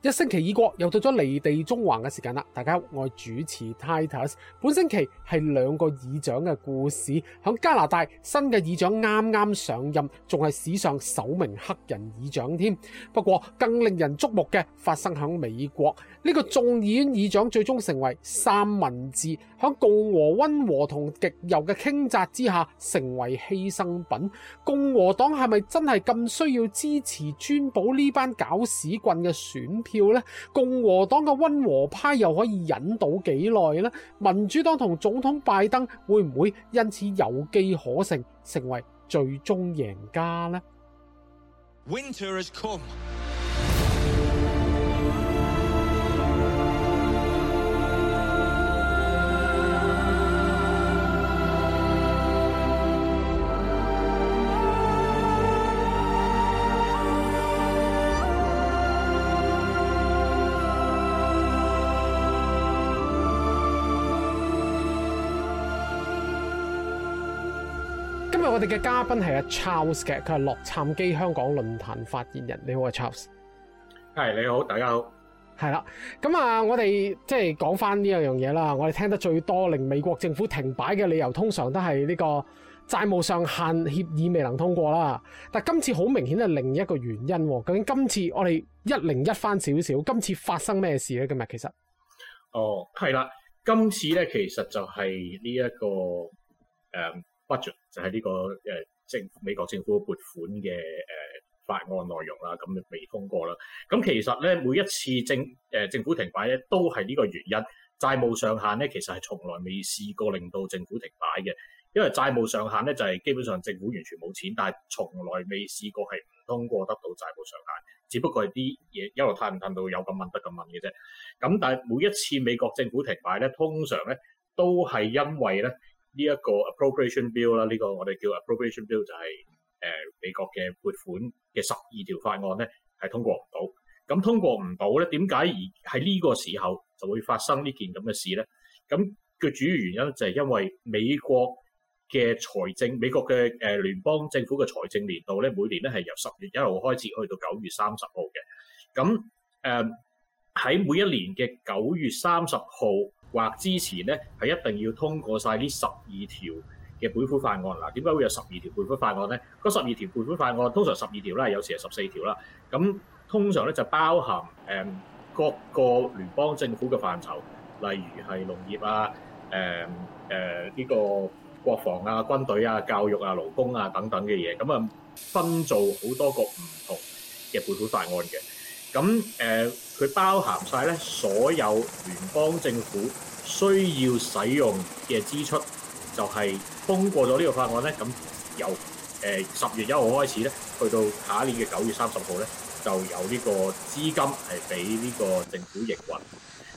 一星期已過，又到咗離地中環嘅時間啦！大家好，我係主持 Titus，本星期係兩個議長嘅故事。響加拿大，新嘅議長啱啱上任，仲係史上首名黑人議長添。不過更令人矚目嘅發生響美國，呢個眾議院議長最終成為三文治，響共和溫和同極右嘅傾軋之下成為犧牲品。共和黨係咪真係咁需要支持專保呢班搞屎棍嘅選票？跳咧，共和黨嘅温和派又可以忍到幾耐呢？民主黨同總統拜登會唔會因此有機可乘，成為最終贏家呢？Winter has come. 我哋嘅嘉賓係阿 Charles 嘅，佢係洛杉磯香港論壇發言人。你好，阿 Charles。係你好，大家好。係啦，咁啊，我哋即係講翻呢樣樣嘢啦。我哋聽得最多令美國政府停擺嘅理由，通常都係呢個債務上限協議未能通過啦。但今次好明顯係另一個原因。究竟今次我哋一零一翻少少，今次發生咩事咧？今日其實，哦，係啦，今次咧其實就係呢一個誒。嗯 Budget, 就係呢個誒政美國政府撥款嘅誒法案內容啦，咁就未通過啦。咁其實咧，每一次政誒政府停擺咧，都係呢個原因。債務上限咧，其實係從來未試過令到政府停擺嘅，因為債務上限咧就係基本上政府完全冇錢，但係從來未試過係唔通過得到債務上限，只不過係啲嘢一路探唔掙到有咁問得咁問嘅啫。咁但係每一次美國政府停擺咧，通常咧都係因為咧。呢、這、一個 appropriation bill 啦，呢個我哋叫 appropriation bill 就係美國嘅撥款嘅十二條法案咧，係通過唔到。咁通過唔到咧，點解而喺呢個時候就會發生這件事呢件咁嘅事咧？咁嘅主要原因就係因為美國嘅財政，美國嘅誒聯邦政府嘅財政年度咧，每年咧係由十月一號開始去到九月三十號嘅。咁喺每一年嘅九月三十號。或之前咧係一定要通過晒呢十二條嘅撥款法案啦。點解會有十二條撥款法案咧？嗰十二條撥款法案通常十二條啦，有時係十四條啦。咁通常咧就包含誒各個聯邦政府嘅範疇，例如係農業啊、誒呢個國防啊、軍隊啊、教育啊、勞工啊等等嘅嘢，咁啊分做好多個唔同嘅撥款法案嘅。咁誒，佢、呃、包含晒咧所有聯邦政府需要使用嘅支出，就係、是、通過咗呢個法案咧。咁由誒十、呃、月一號開始咧，去到下一年嘅九月三十號咧，就有呢個資金係俾呢個政府營運。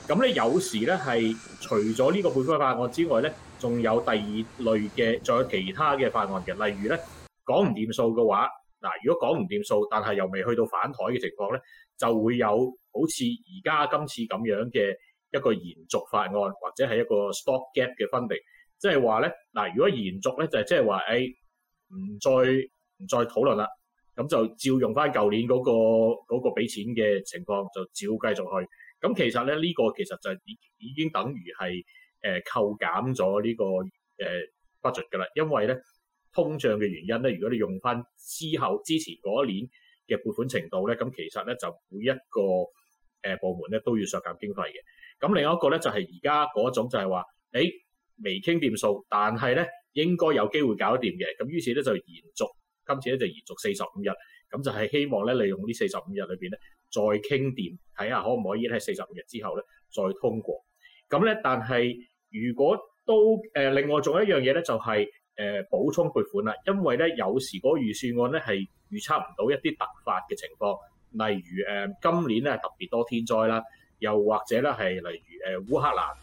咁咧有時咧係除咗呢個撥款法案之外咧，仲有第二類嘅，仲有其他嘅法案嘅，例如咧講唔掂數嘅話，嗱，如果講唔掂數，但係又未去到反台嘅情況咧。就會有好似而家今次咁樣嘅一個延續法案，或者係一個 stop gap 嘅分離，即係話咧嗱，如果延續咧，就係即係話誒，唔、哎、再唔再討論啦，咁就照用翻舊年嗰、嗰個嗰俾、嗰個、錢嘅情況，就照繼續去。咁其實咧呢、這個其實就已已經等於係誒扣減咗呢個 budget 㗎啦，因為咧通脹嘅原因咧，如果你用翻之後之前嗰一年。嘅撥款程度咧，咁其實咧就每一個誒部門咧都要削減經費嘅。咁另外一個咧就係而家嗰種就係話，誒未傾掂數，但係咧應該有機會搞得掂嘅。咁於是咧就延續，今次咧就延續四十五日，咁就係希望咧利用呢四十五日裏邊咧再傾掂，睇下可唔可以喺四十五日之後咧再通過。咁咧，但係如果都誒，另外仲有一樣嘢咧，就係。誒，補充撥款啦，因為咧有時嗰個預算案咧係預測唔到一啲突發嘅情況，例如誒今年咧特別多天災啦，又或者咧係例如誒烏克蘭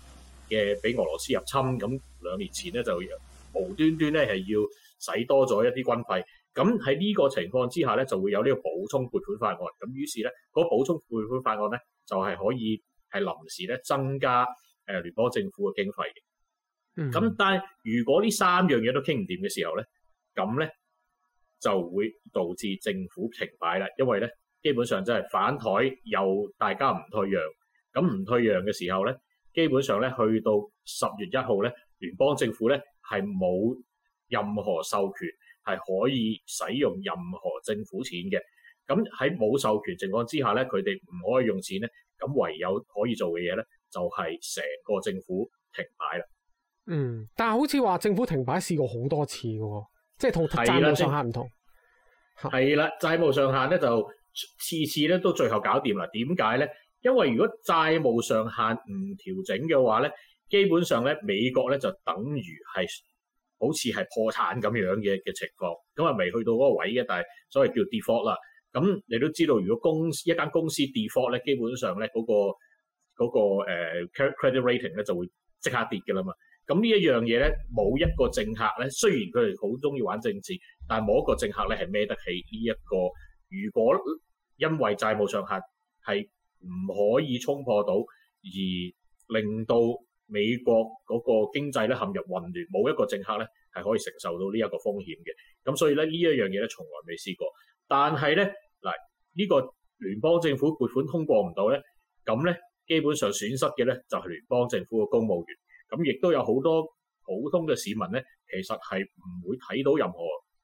嘅俾俄羅斯入侵，咁兩年前咧就無端端咧係要使多咗一啲軍費，咁喺呢個情況之下咧就會有呢個補充撥款法案，咁於是咧嗰補充撥款法案咧就係可以係臨時咧增加誒聯邦政府嘅經費嘅。咁、嗯、但係如果呢三樣嘢都傾唔掂嘅時候咧，咁咧就會導致政府停擺啦。因為咧基本上就係反台，又大家唔退讓，咁唔退讓嘅時候咧，基本上咧去到十月一號咧，聯邦政府咧係冇任何授權係可以使用任何政府錢嘅。咁喺冇授權情況之下咧，佢哋唔可以用錢咧，咁唯有可以做嘅嘢咧就係、是、成個政府停擺啦。嗯，但係好似話政府停擺試過好多次嘅，即係同債務上限唔同。係啦，債務上限咧就次次咧都最後搞掂啦。點解咧？因為如果債務上限唔調整嘅話咧，基本上咧美國咧就等於係好似係破產咁樣嘅嘅情況。咁啊未去到嗰個位嘅，但係所謂叫 default 啦。咁你都知道，如果公司一間公司 default 咧，基本上咧、嗰個、嗰個、嗰個誒、呃、credit rating 咧就會即刻跌嘅啦嘛。咁呢一樣嘢咧，冇一個政客咧，雖然佢哋好中意玩政治，但冇一個政客咧係孭得起呢一個。如果因為債務上限係唔可以衝破到，而令到美國嗰個經濟咧陷入混亂，冇一個政客咧係可以承受到呢一個風險嘅。咁所以咧呢一樣嘢咧，從來未試過。但係咧嗱，呢個聯邦政府撥款通過唔到咧，咁咧基本上損失嘅咧就係聯邦政府嘅公務員。咁亦都有好多普通嘅市民咧，其實係唔會睇到任何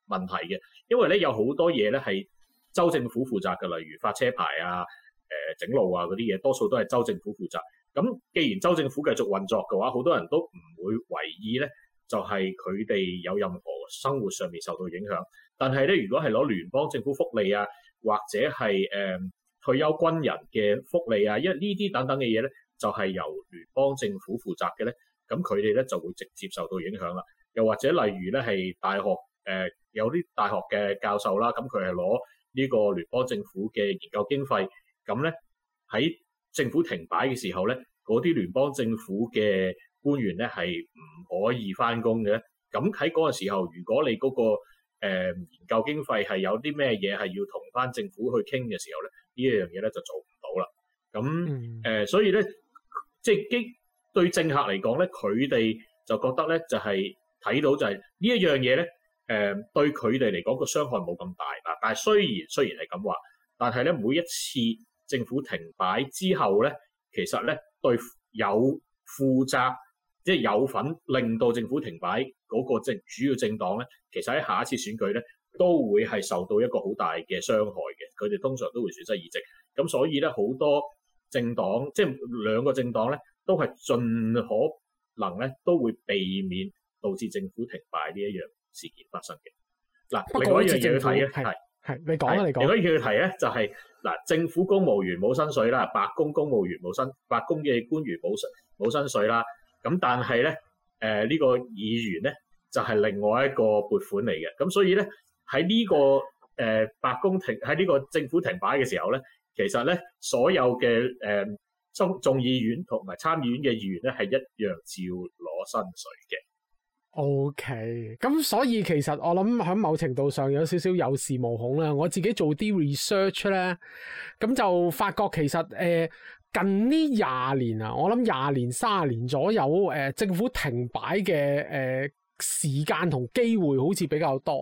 問題嘅，因為咧有好多嘢咧係州政府負責嘅，例如發車牌啊、呃、整路啊嗰啲嘢，多數都係州政府負責。咁既然州政府繼續運作嘅話，好多人都唔會為意咧，就係佢哋有任何生活上面受到影響。但係咧，如果係攞聯邦政府福利啊，或者係、呃、退休軍人嘅福利啊，因為呢啲等等嘅嘢咧，就係、是、由聯邦政府負責嘅咧。咁佢哋咧就會直接受到影響啦。又或者例如咧，係大學有啲大學嘅教授啦，咁佢係攞呢個聯邦政府嘅研究經費。咁咧喺政府停擺嘅時候咧，嗰啲聯邦政府嘅官員咧係唔可以翻工嘅。咁喺嗰個時候，如果你嗰、嗰個、呃、研究經費係有啲咩嘢係要同翻政府去傾嘅時候咧，呢一樣嘢咧就做唔到啦。咁、嗯呃、所以咧即係對政客嚟講咧，佢哋就覺得咧，就係、是、睇到就係呢一樣嘢咧，誒對佢哋嚟講個傷害冇咁大嗱。但係雖然雖然係咁話，但係咧每一次政府停擺之後咧，其實咧對有負責即係、就是、有份令到政府停擺嗰個政主要政黨咧，其實喺下一次選舉咧都會係受到一個好大嘅傷害嘅。佢哋通常都會損失議席。咁所以咧好多政黨即係兩個政黨咧。都係盡可能咧，都會避免導致政府停擺呢一樣事件發生嘅。嗱，另外一樣嘢要提嘅係係你講啊，你講。另外一樣嘢要提咧，就係、是、嗱，政府公務員冇薪水啦，白宮公務員冇薪，白宮嘅官員冇冇薪水啦。咁但係咧，誒、呃、呢、這個議員咧，就係、是、另外一個撥款嚟嘅。咁所以咧，喺呢、這個誒、呃、白宮停喺呢個政府停擺嘅時候咧，其實咧所有嘅誒。呃中眾議院同埋參議院嘅議員咧，係一樣照攞薪水嘅。O.K. 咁所以其實我諗喺某程度上有少少有恃無恐啦。我自己做啲 research 咧，咁就發覺其實誒近呢廿年啊，我諗廿年三十年左右，政府停擺嘅時間同機會好似比較多。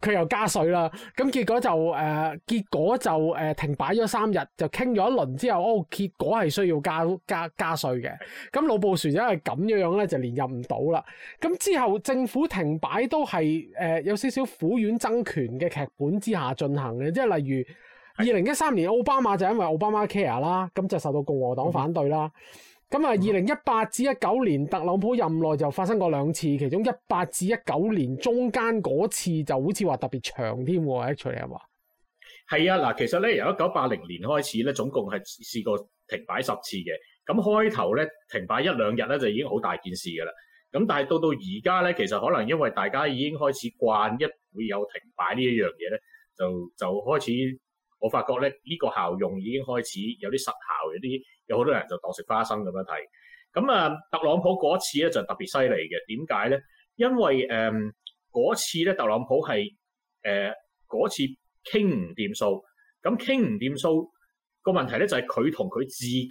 佢又加稅啦，咁結果就誒、呃，結果就誒、呃、停擺咗三日，就傾咗一輪之後，哦，結果係需要加加加稅嘅，咁老布殊就因為咁樣咧就連任唔到啦。咁之後政府停擺都係誒、呃、有少少苦怨爭權嘅劇本之下進行嘅，即係例如二零一三年奧巴馬就因為奧巴馬 care 啦，咁就受到共和黨反對啦。咁啊，二零一八至一九年特朗普任內就發生過兩次，其中一八至一九年中間嗰次就好似話特別長添喎，阿係啊，嗱，其實咧由一九八零年開始咧，總共係試過停擺十次嘅。咁開頭咧停擺一兩日咧就已經好大件事噶啦。咁但係到到而家咧，其實可能因為大家已經開始慣一會有停擺呢一樣嘢咧，就就開始我發覺咧呢個效用已經開始有啲失效，有啲。有好多人就當食花生咁樣睇，咁啊特朗普嗰次咧就特別犀利嘅，點解咧？因為誒嗰、嗯、次咧特朗普係誒嗰次傾唔掂數，咁傾唔掂數個問題咧就係佢同佢自己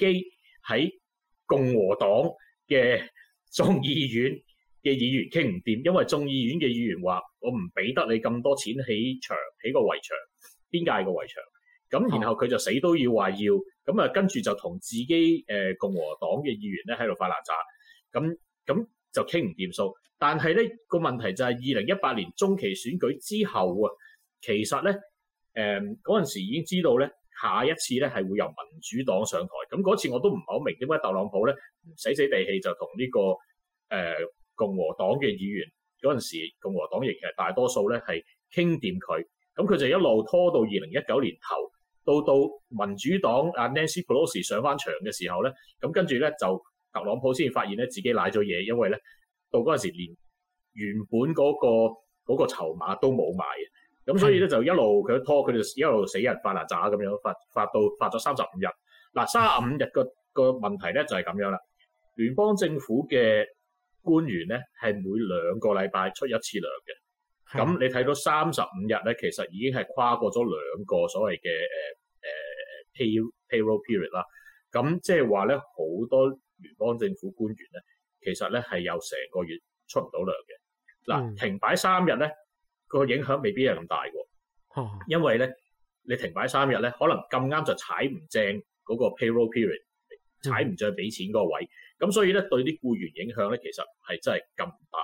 喺共和黨嘅眾議院嘅議員傾唔掂，因為眾議院嘅議員話我唔俾得你咁多錢起牆，起個圍牆，邊界個圍牆，咁然後佢就死都要話要。咁啊，跟住就同自己誒共和黨嘅議員咧喺度發爛渣，咁咁就傾唔掂數。但係咧個問題就係二零一八年中期選舉之後啊，其實咧誒嗰陣時已經知道咧下一次咧係會由民主黨上台。咁嗰次我都唔係好明點解特朗普咧唔死死地氣就同呢、這個誒、呃、共和黨嘅議員嗰陣時共和黨亦其實大多數咧係傾掂佢，咁佢就一路拖到二零一九年頭。到到民主黨阿 Nancy Pelosi 上翻場嘅時候咧，咁跟住咧就特朗普先發現咧自己賴咗嘢，因為咧到嗰陣時連原本嗰個嗰個籌碼都冇埋嘅，咁所以咧就一路佢拖佢就一路死人發爛渣咁樣發發到發咗三十五日。嗱，三十五日個個問題咧就係咁樣啦，聯邦政府嘅官員咧係每兩個禮拜出一次糧嘅，咁你睇到三十五日咧其實已經係跨過咗兩個所謂嘅誒。pay payroll period 啦，咁即係話咧，好多聯邦政府官員咧，其實咧係有成個月出唔到糧嘅。嗱、嗯，停擺三日咧，個影響未必係咁大喎、哦，因為咧你停擺三日咧，可能咁啱就踩唔正嗰個 payroll period，踩唔正俾錢嗰個位，咁所以咧對啲僱員影響咧，其實係真係咁大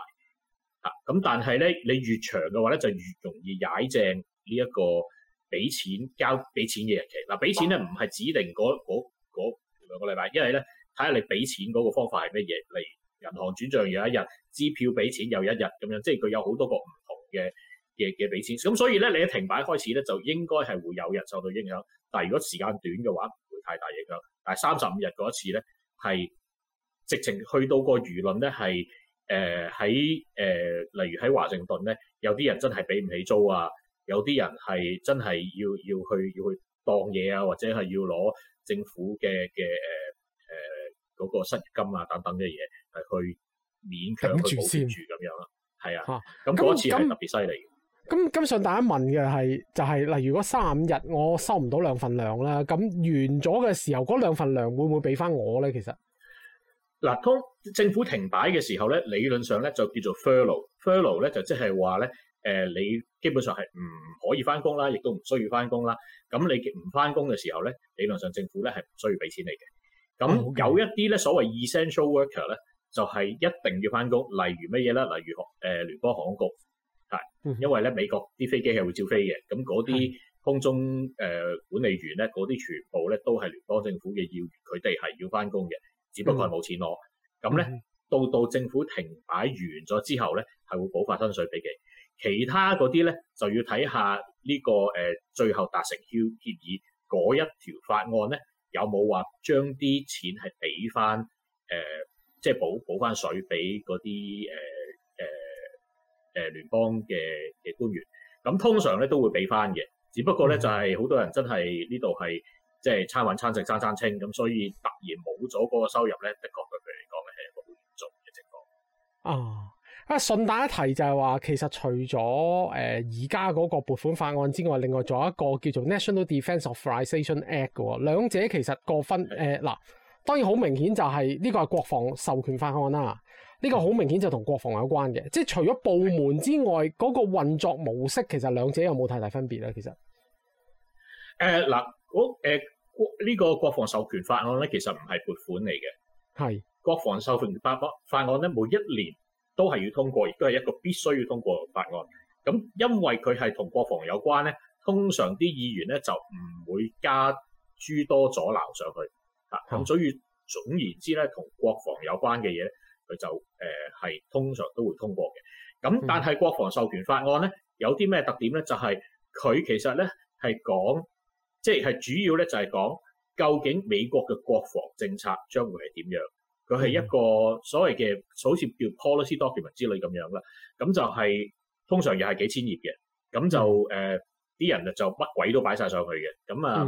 嚇。咁但係咧，你越長嘅話咧，就越容易踩正呢、這、一個。俾錢交俾錢嘅日期嗱，俾錢咧唔係指定嗰嗰嗰兩個禮拜，因為咧睇下你俾錢嗰個方法係咩嘢，例如銀行轉賬有一日，支票俾錢又一日咁樣，即係佢有好多個唔同嘅嘅嘅俾錢。咁所以咧，你一停擺開始咧，就應該係會有人受到影響。但係如果時間短嘅話，唔會太大影響。但係三十五日嗰一次咧，係直情去到個輿論咧係誒喺誒，例如喺華盛頓咧，有啲人真係俾唔起租啊！有啲人係真係要要去要去當嘢啊，或者係要攞政府嘅嘅誒誒嗰個失業金啊等等嘅嘢，係去勉強住先住咁樣咯。係啊，咁、啊、嗰、嗯、次係特別犀利。咁今上大家問嘅係就係，嗱，如果三五日我收唔到兩份糧啦，咁完咗嘅時候，嗰兩份糧會唔會俾翻我咧？其實嗱、啊，當政府停擺嘅時候咧，理論上咧就叫做 furlough，furlough、uh-huh. 咧就即係話咧。誒、呃，你基本上係唔可以翻工啦，亦都唔需要翻工啦。咁你唔翻工嘅時候咧，理論上政府咧係唔需要俾錢你嘅。咁有一啲咧所謂 essential worker 咧，就係、是、一定要翻工，例如乜嘢咧？例如誒聯、呃、邦航空局係、嗯、因為咧美國啲飛機係會照飛嘅，咁嗰啲空中誒、呃、管理員咧，嗰啲全部咧都係聯邦政府嘅要員，佢哋係要翻工嘅，只不過係冇錢攞。咁咧到到政府停擺完咗之後咧，係會補發薪水俾佢。其他嗰啲咧就要睇下呢、這個誒、呃、最後達成協協議嗰一條法案咧，有冇話將啲錢係俾翻誒，即係補補翻水俾嗰啲誒誒誒聯邦嘅嘅官員。咁通常咧都會俾翻嘅，只不過咧、嗯、就係、是、好多人真係呢度係即係餐揾餐食，餐餐清咁，所以突然冇咗嗰個收入咧，的確對佢嚟講係一個好嚴重嘅情況。啊、哦！啊，順帶一提就係話，其實除咗誒而家嗰個撥款法案之外，另外仲有一個叫做 National Defense Authorization Act 嘅喎。兩者其實個分誒嗱、呃，當然好明顯就係、是、呢、這個係國防授權法案啦。呢、這個好明顯就同國防有關嘅，即係除咗部門之外，嗰個運作模式其實兩者有冇太大分別咧？其實誒嗱，我呢、呃呃呃這個國防授權法案咧，其實唔係撥款嚟嘅，係國防授權法法案咧，每一年。都係要通過，亦都係一個必須要通過嘅法案。咁因為佢係同國防有關呢，通常啲議員呢就唔會加諸多阻撓上去。嚇咁所以總而言之呢，同國防有關嘅嘢，佢就誒係、呃、通常都會通過嘅。咁但係國防授權法案呢，嗯、有啲咩特點呢？就係、是、佢其實呢係講，即係、就是、主要呢就係講究竟美國嘅國防政策將會係點樣？佢係一個所謂嘅、嗯，好似叫 policy document 之類咁樣啦。咁就係、是、通常又係幾千頁嘅。咁就誒啲、嗯呃、人就乜鬼都擺晒上去嘅。咁啊，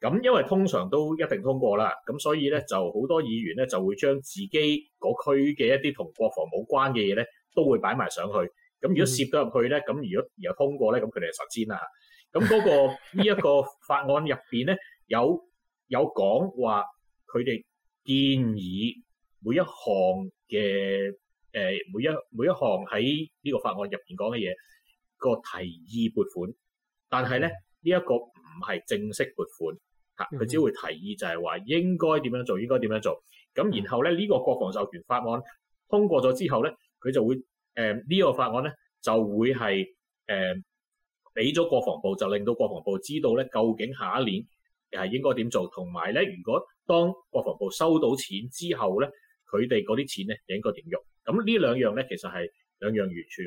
咁、嗯、因為通常都一定通過啦。咁所以咧，就好多議員咧就會將自己嗰區嘅一啲同國防冇關嘅嘢咧，都會擺埋上去。咁如果攝咗入去咧，咁、嗯、如果然後通過咧，咁佢哋就實踐啦。咁嗰、那個呢一 個法案入邊咧，有有講話佢哋建議。每一項嘅誒，每一每一項喺呢個法案入邊講嘅嘢個提議撥款，但係咧呢一個唔係正式撥款嚇，佢只會提議就係話應該點樣做，應該點樣做咁。然後咧呢個國防授權法案通過咗之後咧，佢就會誒呢個法案咧就會係誒俾咗國防部，就令到國防部知道咧究竟下一年係應該點做，同埋咧如果當國防部收到錢之後咧。佢哋嗰啲錢咧，你應該點用？咁呢兩樣咧，其實係兩樣完全，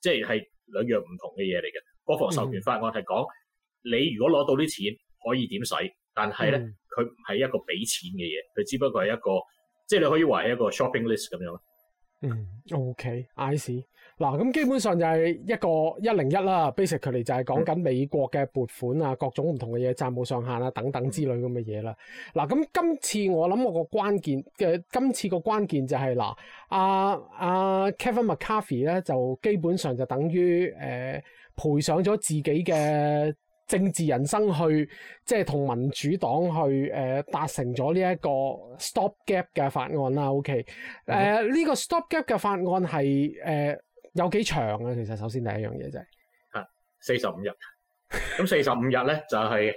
即係兩樣唔同嘅嘢嚟嘅。國防授權法案係講、嗯、你如果攞到啲錢可以點使，但係咧，佢、嗯、唔係一個俾錢嘅嘢，佢只不過係一個，即係你可以話係一個 shopping list 咁樣咯。嗯，OK，I、okay, see。嗱，咁基本上就係一個一零一啦，basically 就係講緊美國嘅撥款啊，各種唔同嘅嘢、債務上限啦等等之類咁嘅嘢啦。嗱，咁今次我諗我個關鍵嘅今次個關鍵就係、是、嗱，阿、啊、阿、啊、Kevin McCarthy 咧就基本上就等於誒、呃、賠上咗自己嘅政治人生去，即係同民主黨去誒、呃、達成咗呢一個 stop gap 嘅法案啦。OK，誒呢個 stop gap 嘅法案係誒。呃有幾長咧、啊？其實首先第一樣嘢就係嚇四十五日，咁四十五日咧 就係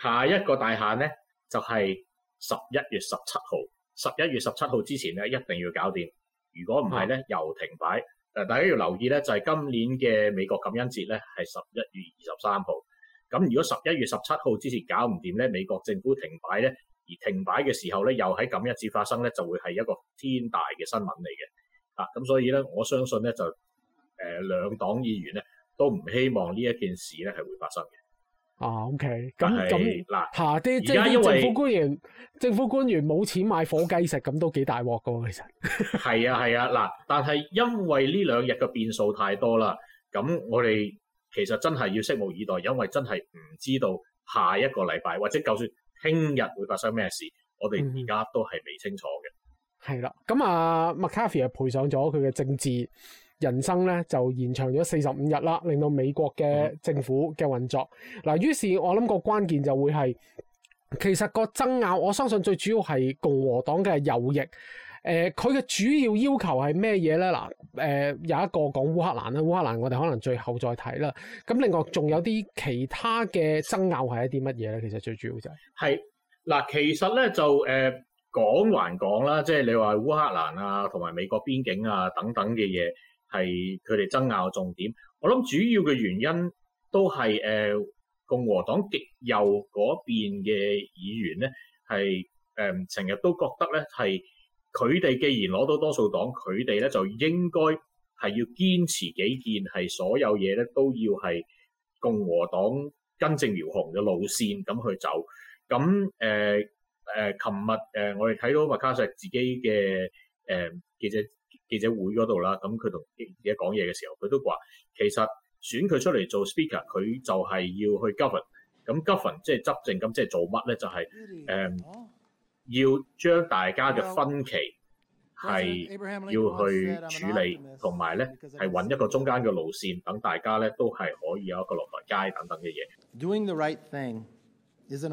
下一個大限咧，就係十一月十七號。十一月十七號之前咧一定要搞掂，如果唔係咧又停擺。誒、嗯，大家要留意咧，就係、是、今年嘅美國感恩節咧，係十一月二十三號。咁如果十一月十七號之前搞唔掂咧，美國政府停擺咧，而停擺嘅時候咧，又喺感恩節發生咧，就會係一個天大嘅新聞嚟嘅。啊，咁所以咧，我相信咧就。誒兩黨議員咧都唔希望呢一件事咧係會發生嘅啊。O K，咁咁嗱嚇，啲政府官員政府官員冇錢買火雞食，咁都幾大鑊嘅喎。其實係啊係啊嗱、 啊，但係因為呢兩日嘅變數太多啦，咁我哋其實真係要拭目以待，因為真係唔知道下一個禮拜或者就算聽日會發生咩事，嗯、我哋而家都係未清楚嘅。係啦，咁啊麥卡錫又賠上咗佢嘅政治。人生咧就延長咗四十五日啦，令到美國嘅政府嘅運作。嗱，於是，我諗個關鍵就會係其實個爭拗，我相信最主要係共和黨嘅右翼。誒、呃，佢嘅主要要求係咩嘢咧？嗱、呃，誒有一個講烏克蘭啦，烏克蘭我哋可能最後再睇啦。咁，另外仲有啲其他嘅爭拗係一啲乜嘢咧？其實最主要就係係嗱，其實咧就誒、呃、講還講啦，即係你話烏克蘭啊，同埋美國邊境啊等等嘅嘢。係佢哋爭拗嘅重點，我諗主要嘅原因都係誒共和黨極右嗰邊嘅議員咧，係誒成日都覺得咧，係佢哋既然攞到多數黨，佢哋咧就應該係要堅持己見，係所有嘢咧都要係共和黨根正苗紅嘅路線咁去走。咁誒誒，琴日誒我哋睇到麥卡錫自己嘅誒、呃、記者。記者會嗰度啦，咁佢同記者講嘢嘅時候，佢都話其實選佢出嚟做 speaker，佢就係要去 govern。咁 govern 即係執政，咁即係做乜咧？就係、是、誒、嗯、要將大家嘅分歧係要去處理，同埋咧係揾一個中間嘅路線，等大家咧都係可以有一個落台階等等嘅嘢。Doing the right thing isn't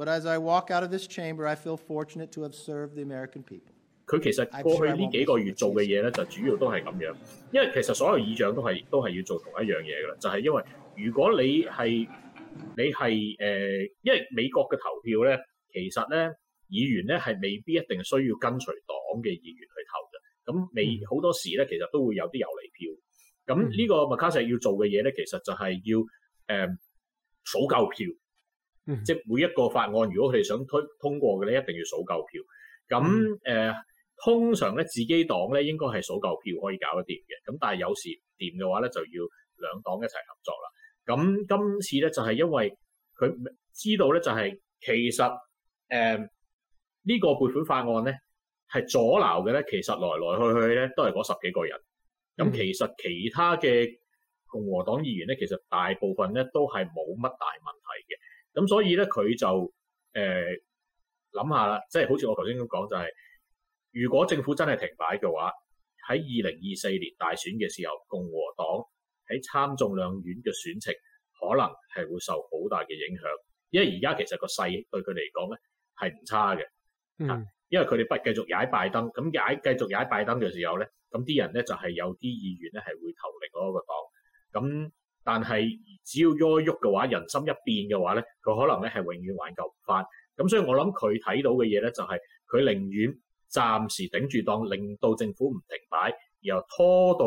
But as I walk out of this chamber, I feel fortunate to have served the American people. 佢其實過去呢幾個月做嘅嘢咧，就主要都係咁樣。因為其實所有議長都係都係要做同一樣嘢噶啦，就係、是、因為如果你係你係誒、呃，因為美國嘅投票咧，其實咧議員咧係未必一定需要跟隨黨嘅議員去投嘅。咁你好多時咧，其實都會有啲游離票。咁呢個麥卡錫要做嘅嘢咧，其實就係要誒、呃、數夠票。即係每一個法案，如果佢哋想推通過嘅咧，一定要數夠票。咁誒、嗯呃，通常咧自己黨咧應該係數夠票可以搞得掂嘅。咁但係有時唔掂嘅話咧，就要兩黨一齊合作啦。咁今次咧就係因為佢知道咧，就係其實誒呢、呃呢個撥款法案咧係阻撓嘅咧，其實來來去去咧都係嗰十幾個人。咁其實其他嘅共和黨議員咧，其實大部分咧都係冇乜大問題嘅。咁所以咧，佢就誒諗、呃、下啦，即係好似我頭先咁講，就係、是、如果政府真係停擺嘅話，喺二零二四年大選嘅時候，共和黨喺參眾兩院嘅選情可能係會受好大嘅影響，因為而家其實個勢對佢嚟講咧係唔差嘅、嗯，因為佢哋不繼續踩拜登，咁踩繼續踩拜登嘅時候咧，咁啲人咧就係、是、有啲議員咧係會投另一個黨，佢講咁。但係只要喐喐嘅話，人心一變嘅話咧，佢可能咧係永遠挽救唔翻。咁所以我諗佢睇到嘅嘢咧，就係佢寧願暫時頂住檔，令到政府唔停擺，然後拖到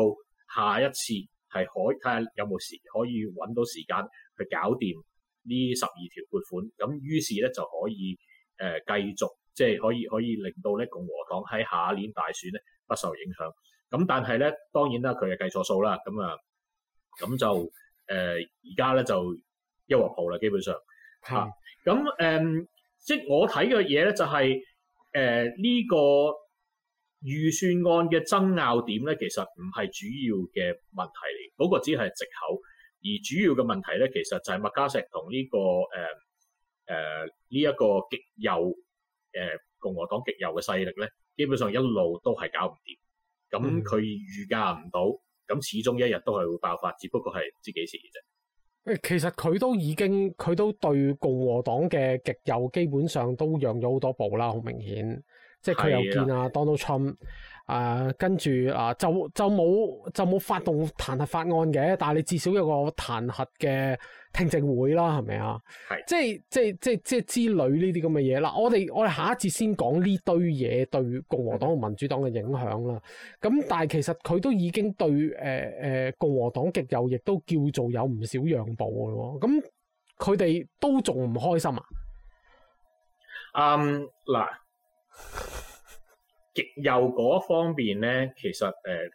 下一次係可睇下有冇時可以揾到時間去搞掂呢十二條撥款。咁於是咧就可以誒、呃、繼續即係、就是、可以可以令到咧共和黨喺下一年大選咧不受影響。咁但係咧當然啦，佢係計錯數啦。咁啊咁就。誒而家咧就一和鋪啦，基本上咁誒、啊嗯，即我睇嘅嘢咧就係誒呢個預算案嘅爭拗點咧，其實唔係主要嘅問題嚟，嗰個只係藉口，而主要嘅問題咧，其實就係麥卡錫同呢個誒呢一個極右誒、呃、共和黨極右嘅勢力咧，基本上一路都係搞唔掂，咁佢預計唔到。嗯咁始終一日都係會爆發，只不過係唔知幾時嘅啫。誒，其實佢都已經佢都對共和黨嘅極右基本上都讓咗好多步啦，好明顯。即係佢又見啊，Donald Trump 啊，跟住啊，就就冇就冇發動彈劾法案嘅，但係你至少有個彈劾嘅。聽證會啦，係咪啊？係，即係即係即係即係之類呢啲咁嘅嘢啦。我哋我哋下一節先講呢堆嘢對共和黨同民主黨嘅影響啦。咁但係其實佢都已經對誒誒、呃呃、共和黨極右，亦都叫做有唔少讓步嘅喎。咁佢哋都仲唔開心啊？嗯，嗱，極右嗰方面咧，其實誒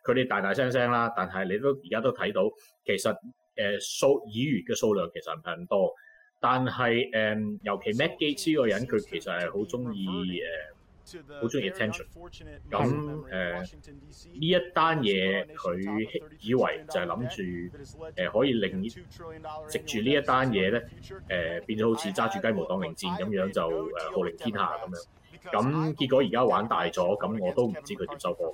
佢哋大大聲聲啦，但係你都而家都睇到其實。誒數耳熟嘅數量其實唔係很多，但係誒、呃，尤其 Matt Gaetz 呢個人佢其實係好中意誒，好中意 attention。咁誒呢一單嘢佢以為就係諗住誒可以令食住呢一單嘢咧誒變咗好似揸住雞毛當令箭咁樣就誒號令天下咁樣。咁、嗯、結果而家玩大咗，咁我都唔知佢點收貨。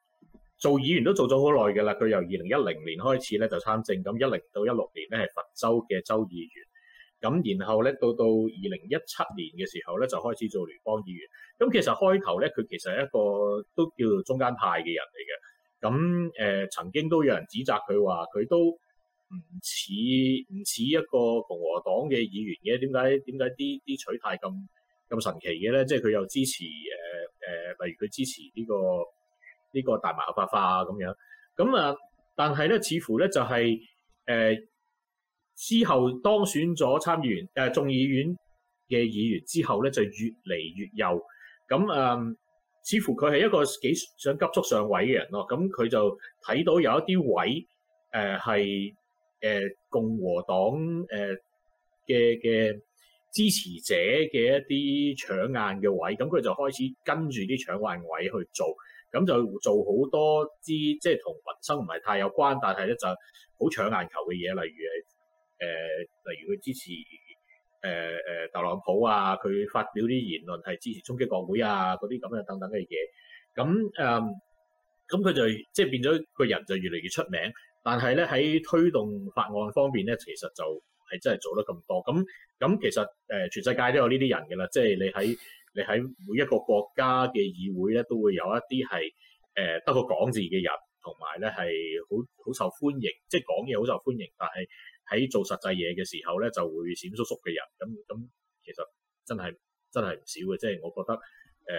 做議員都做咗好耐嘅啦，佢由二零一零年開始咧就參政，咁一零到一六年咧係佛州嘅州議員，咁然後咧到到二零一七年嘅時候咧就開始做聯邦議員，咁其實開頭咧佢其實係一個都叫做中間派嘅人嚟嘅，咁誒、呃、曾經都有人指責佢話佢都唔似唔似一個共和黨嘅議員嘅，點解點解啲啲取態咁咁神奇嘅咧？即係佢又支持誒誒，例、呃呃、如佢支持呢個。呢、這個大麻合法化咁樣咁啊，但係咧，似乎咧就係、是、誒、呃、之後當選咗參議員誒眾議院嘅議員之後咧，就越嚟越右咁啊。似乎佢係一個幾想急速上位嘅人咯。咁佢就睇到有一啲位誒係誒共和黨誒嘅嘅支持者嘅一啲搶眼嘅位，咁佢就開始跟住啲搶眼位去做。咁就做好多啲，即係同民生唔係太有關，但係咧就好搶眼球嘅嘢，例如誒、呃、例如佢支持誒、呃呃、特朗普啊，佢發表啲言論係支持衝擊國會啊，嗰啲咁樣等等嘅嘢。咁誒，咁、呃、佢就即係、就是、變咗個人就越嚟越出名，但係咧喺推動法案方面咧，其實就係真係做得咁多。咁咁其實誒、呃、全世界都有呢啲人㗎啦，即、就、係、是、你喺。你喺每一個國家嘅議會咧，都會有一啲係誒得個講字嘅人，同埋咧係好好受歡迎，即係講嘢好受歡迎，但係喺做實際嘢嘅時候咧，就會閃縮縮嘅人。咁咁其實真係真係唔少嘅，即、就、係、是、我覺得誒、呃、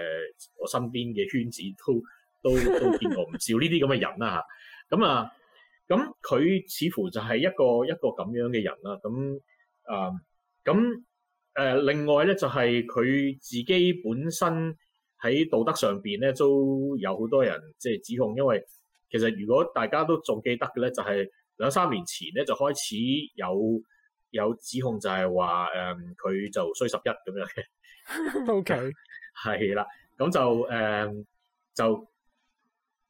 我身邊嘅圈子都都都見過唔少呢啲咁嘅人啦嚇。咁啊，咁 佢、啊、似乎就係一個一個咁樣嘅人啦、啊。咁啊咁。呃誒，另外咧就係佢自己本身喺道德上邊咧，都有好多人即係指控，因為其實如果大家都仲記得嘅咧，就係、是、兩三年前咧就開始有有指控就就、okay. 就，就係話誒佢就衰十一咁樣嘅。OK 係啦，咁就誒就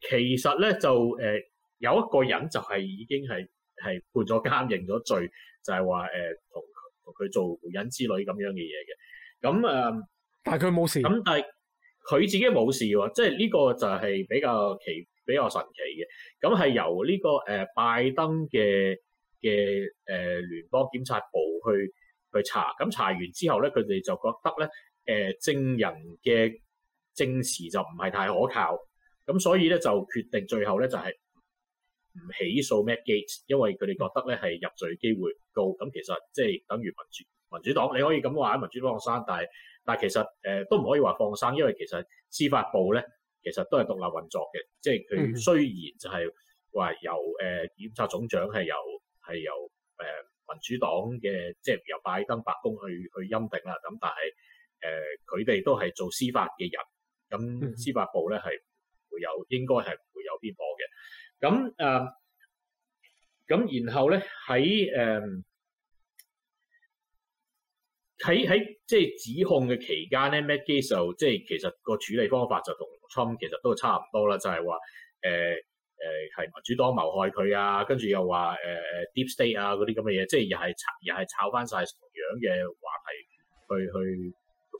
其實咧就誒有一個人就係已經係係判咗監、認咗罪，就係話誒。同佢做護隱之旅咁樣嘅嘢嘅，咁誒，但係佢冇事，咁但係佢自己冇事喎，即係呢個就係比較奇、比較神奇嘅。咁係由呢、個、呃、拜登嘅嘅誒聯邦檢察部去去查，咁查完之後咧，佢哋就覺得咧誒、呃、證人嘅證詞就唔係太可靠，咁所以咧就決定最後咧就係、係。唔起訴 Matt Gaetz，因為佢哋覺得咧係入罪機會唔高，咁其實即係等於民主民主黨你可以咁話民主放生，但係但係其實誒、呃、都唔可以話放生，因為其實司法部咧其實都係獨立運作嘅，即係佢雖然就係話由誒檢察總長係由係由誒、呃、民主黨嘅即係由拜登白宮去去欽定啦，咁但係誒佢哋都係做司法嘅人，咁司法部咧係會有應該係會有邊防。咁誒，咁、嗯、然後咧喺誒喺喺即係指控嘅期間咧 Matt Gaetz 就即係、就是、其實個處理方法就同 Trump 其實都差唔多啦，就係話誒誒係民主黨謀害佢啊，跟住又話誒誒 Deep State 啊嗰啲咁嘅嘢，即係、就是、又係炒又係炒翻曬同樣嘅話題去去，去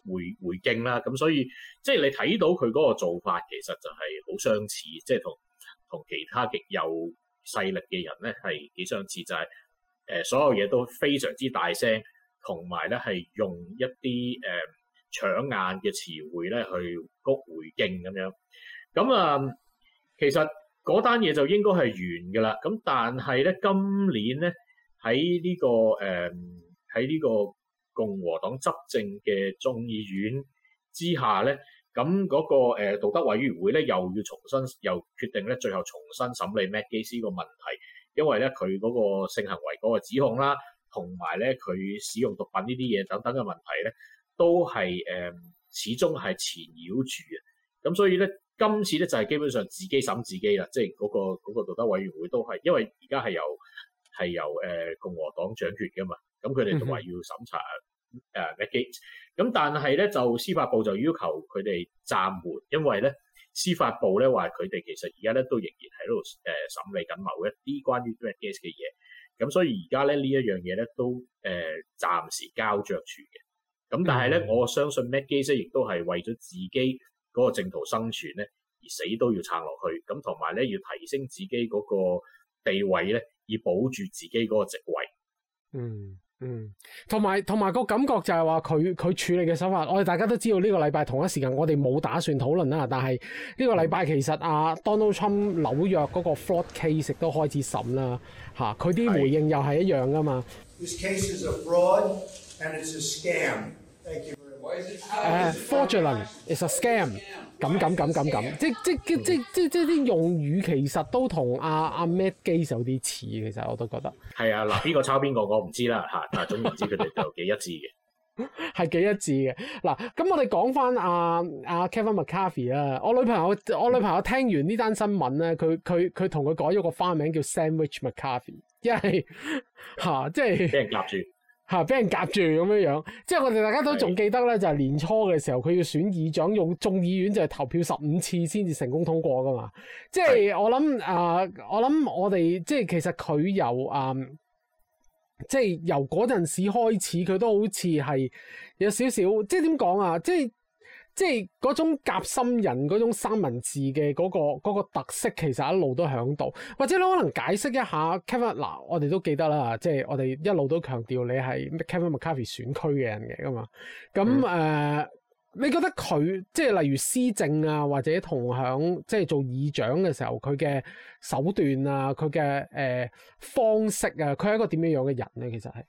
回回敬啦。咁所以即係、就是、你睇到佢嗰個做法，其實就係好相似，即係同。同其他極右勢力嘅人咧，係幾相似，就係誒所有嘢都非常之大聲，同埋咧係用一啲誒、呃、搶眼嘅詞彙咧去谷回應咁樣。咁啊、呃，其實嗰單嘢就應該係完㗎啦。咁但係咧，今年咧喺呢個誒喺呢個共和黨執政嘅眾議院之下咧。咁嗰個道德委員會咧，又要重新又決定咧，最後重新審理麥基斯個問題，因為咧佢嗰個性行為嗰個指控啦，同埋咧佢使用毒品呢啲嘢等等嘅問題咧，都係誒、嗯、始終係纏繞住嘅。咁所以咧，今次咧就係、是、基本上自己審自己啦，即係嗰個嗰、那個、道德委員會都係，因為而家係由係由、呃、共和黨掌權噶嘛，咁佢哋同埋要審查。 誒、uh，Matt Gaetz，咁但係咧就司法部就要求佢哋暫緩，因為咧司法部咧話佢哋其實而家咧都仍然喺度誒審理緊某一啲關於 Matt Gaetz 嘅嘢，咁所以而家咧呢一樣嘢咧都誒、呃、暫時交着住嘅，咁但係咧、mm-hmm. 我相信 Matt Gaetz 即係亦都係為咗自己嗰個正途生存咧，而死都要撐落去，咁同埋咧要提升自己嗰個地位咧，以保住自己嗰個職位。嗯、mm-hmm.。嗯，同埋同埋個感覺就係話佢佢處理嘅手法，我哋大家都知道呢個禮拜同一時間我哋冇打算討論啦，但係呢個禮拜其實啊 Donald Trump 紐約嗰個 Fraud Case 都開始審啦，吓佢啲回應又係一樣噶嘛。This case is a fraud and it's a scam. Thank you. 誒 f o r g e r l a n is a scam，咁咁咁咁咁，即即即即即即啲用語其實都同阿阿 Matt 基有啲似，其實我都覺得係、嗯、啊，嗱，邊個抄邊個，我唔知啦吓，但係總言之，佢哋就幾一致嘅，係 幾一致嘅。嗱，咁我哋講翻阿阿 Kevin m c a t e e 啊。我女朋友我女朋友聽完呢單新聞咧、啊，佢佢佢同佢改咗個花名叫 Sandwich m c a t e e 即係吓，即係俾人夾住。吓，俾人夾住咁樣樣，即係我哋大家都仲記得咧，就係年初嘅時候佢要選議長，用眾議院就係投票十五次先至成功通過噶嘛。即係我諗，誒、呃，我諗我哋即係其實佢由誒、嗯，即係由嗰陣時開始，佢都好似係有少少，即係點講啊，即係。即係嗰種夾心人嗰種三文治嘅嗰個嗰、那個、特色，其實一路都喺度。或者你可能解釋一下，Kevin 嗱、啊，我哋都記得啦，即、就、係、是、我哋一路都強調你係 Kevin McCarthy 選區嘅人嚟嘅嘛。咁誒、嗯呃，你覺得佢即係例如施政啊，或者同享即係做議長嘅時候，佢嘅手段啊，佢嘅誒方式啊，佢係一個點樣嘅人咧？其實係。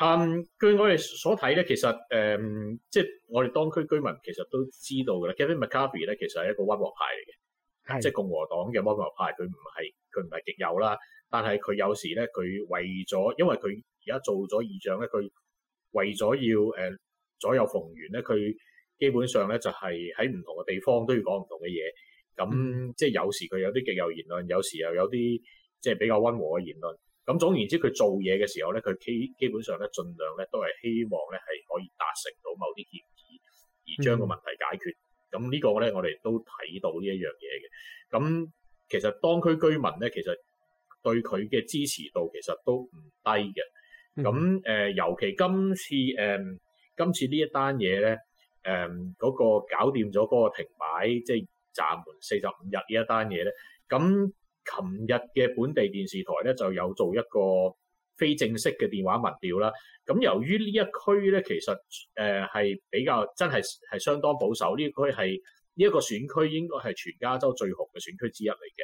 嗯、um,，據我哋所睇咧，其實誒、嗯，即係我哋當區居民其實都知道嘅啦。Kevin McCarthy 咧，其實係一個溫和派嚟嘅，即共和黨嘅溫和派。佢唔係佢唔係極右啦，但係佢有時咧，佢為咗因為佢而家做咗議長咧，佢為咗要誒、呃、左右逢源咧，佢基本上咧就係喺唔同嘅地方都要講唔同嘅嘢。咁、嗯、即係有時佢有啲極右言論，有時又有啲即係比較溫和嘅言論。咁總言之，佢做嘢嘅時候咧，佢基基本上咧，盡量咧都係希望咧係可以達成到某啲協議，而將個問題解決。咁、嗯、呢個咧，我哋都睇到呢一樣嘢嘅。咁其實當區居民咧，其實對佢嘅支持度其實都唔低嘅。咁、嗯、誒、呃，尤其今次誒、嗯，今次呢一單嘢咧，誒、嗯、嗰個搞掂咗嗰個停擺，即係暫緩四十五日呢一單嘢咧，咁。琴日嘅本地電視台咧就有做一個非正式嘅電話民調啦。咁由於呢一區咧，其實誒係、呃、比較真係相當保守，呢區係呢一區、呢個選區應該係全加州最紅嘅選區之一嚟嘅。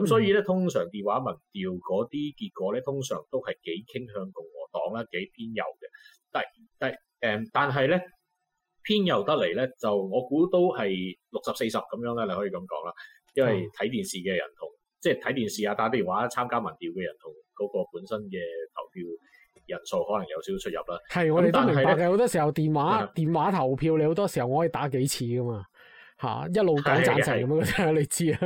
咁所以咧、嗯，通常電話民調嗰啲結果咧，通常都係幾傾向共和黨啦，幾偏右嘅。但係但、嗯、但咧偏右得嚟咧，就我估都係六十四十咁樣啦，你可以咁講啦，因為睇電視嘅人同。嗯即係睇電視啊！打電話，打電話參加民調嘅人同嗰個本身嘅投票人數可能有少少出入啦。係，我哋都明白嘅。好多時候電話電話投票，你好多時候我可以打幾次噶嘛嚇，一路講贊成咁樣，你知啦。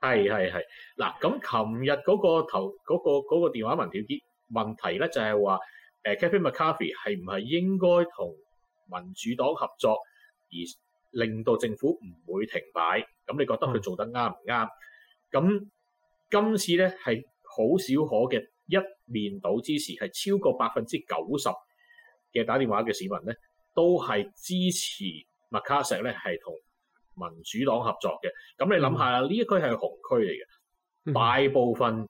係係係嗱，咁琴日嗰個投嗰個嗰個電話民調結問題咧，就係話誒 Kevin McCarthy 係唔係應該同民主黨合作，而令到政府唔會停擺？咁你覺得佢做得啱唔啱？咁今次咧係好少可嘅一面倒支持，係超過百分之九十嘅打電話嘅市民咧，都係支持麥卡錫，咧係同民主黨合作嘅。咁你諗下啦，呢、嗯、一區係紅區嚟嘅，大部分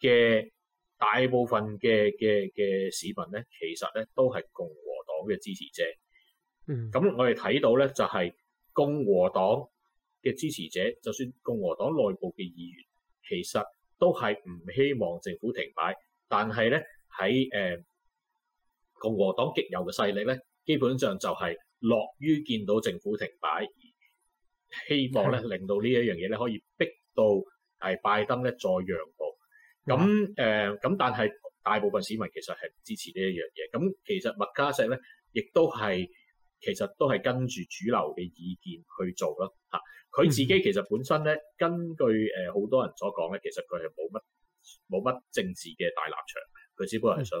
嘅、嗯、大部分嘅嘅嘅市民咧，其實咧都係共和黨嘅支持者。咁、嗯、我哋睇到咧就係、是、共和黨嘅支持者，就算共和黨內部嘅議員。其實都係唔希望政府停擺，但係咧喺誒共和黨極右嘅勢力咧，基本上就係樂於見到政府停擺，而希望咧令到這件事呢一樣嘢咧可以逼到係拜登咧再讓步。咁誒咁，但係大部分市民其實係支持呢一樣嘢。咁其實麥卡錫咧，亦都係。其實都係跟住主流嘅意見去做咯，吓佢自己其實本身咧，根據誒好多人所講咧，其實佢係冇乜冇乜政治嘅大立場，佢只不過係想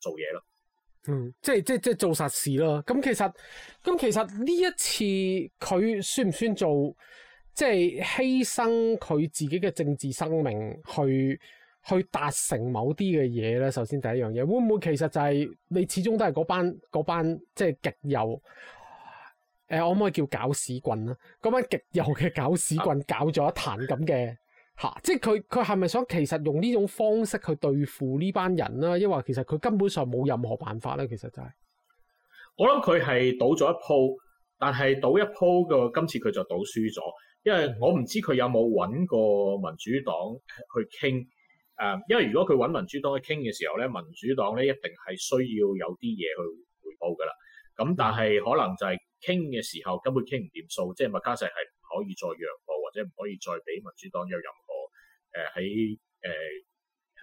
做嘢咯。嗯，即係即係即係做實事咯。咁其實咁其實呢一次佢算唔算做即係、就是、犧牲佢自己嘅政治生命去去達成某啲嘅嘢咧，首先第一樣嘢，會唔會其實就係你始終都係嗰班嗰班即係極右，誒、呃，我可唔可以叫搞屎棍啊？嗰班極右嘅搞屎棍搞咗一壇咁嘅嚇，即係佢佢係咪想其實用呢種方式去對付呢班人啦？因為其實佢根本上冇任何辦法咧，其實就係我諗佢係賭咗一鋪，但係賭一鋪嘅今次佢就賭輸咗，因為我唔知佢有冇揾過民主黨去傾。誒，因為如果佢揾民主黨去傾嘅時候咧，民主黨咧一定係需要有啲嘢去回報㗎啦。咁但係可能就係傾嘅時候根本傾唔掂數，即係麥卡錫係唔可以再讓步，或者唔可以再俾民主黨有任何誒喺誒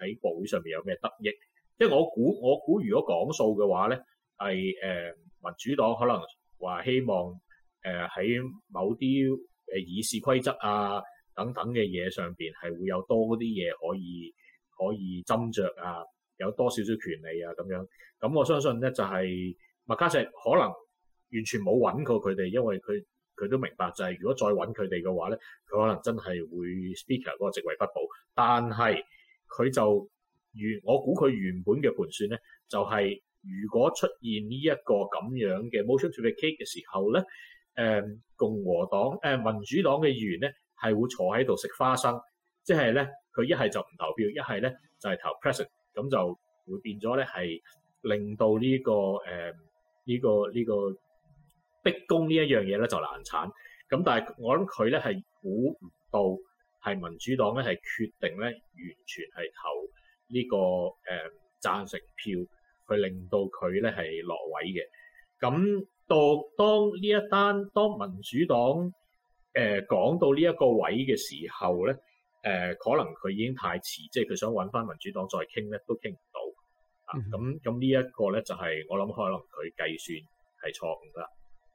喺國會上面有咩得益。即係我估，我估如果講數嘅話咧，係誒、呃、民主黨可能話希望誒喺、呃、某啲誒議事規則啊等等嘅嘢上邊係會有多啲嘢可以。可以斟酌啊，有多少少權利啊咁樣。咁我相信咧，就係、是、麥卡錫可能完全冇揾過佢哋，因為佢佢都明白就係、是、如果再揾佢哋嘅話咧，佢可能真係會 speaker 嗰個職位不保。但係佢就我估佢原本嘅盤算咧，就係、是、如果出現呢一個咁樣嘅 motion to vacate 嘅時候咧、嗯，共和黨、嗯、民主黨嘅議員咧係會坐喺度食花生，即係咧。佢一係就唔投票，一係咧就係投 president，咁就會變咗咧係令到呢、這個誒呢、呃這個呢、這個逼宮呢一樣嘢咧就難產。咁但係我諗佢咧係估唔到係民主黨咧係決定咧完全係投呢、這個誒贊、呃、成票，去令到佢咧係落位嘅。咁到當呢一單當民主黨誒講到呢一個位嘅時候咧。誒、呃、可能佢已經太遲，即係佢想搵翻民主黨再傾咧，都傾唔到啊。咁、mm-hmm. 咁呢一個咧，就係、是、我諗可能佢計算係錯誤啦。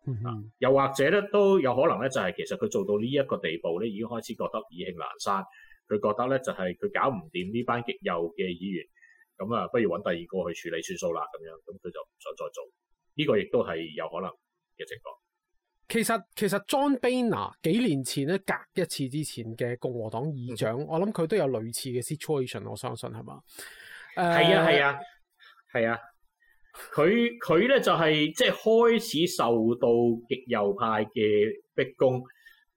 Mm-hmm. 又或者咧都有可能咧，就係其實佢做到呢一個地步咧，已經開始覺得意興難生。佢覺得咧就係、是、佢搞唔掂呢班極右嘅議員，咁啊，不如搵第二個去處理算數啦。咁樣咁佢就唔想再做呢、這個，亦都係有可能嘅情況。其實其實 John Boehner 幾年前咧隔一次之前嘅共和黨議長，嗯、我諗佢都有類似嘅 situation，我相信係嘛？係啊係啊係啊！佢佢咧就係即係開始受到極右派嘅逼供，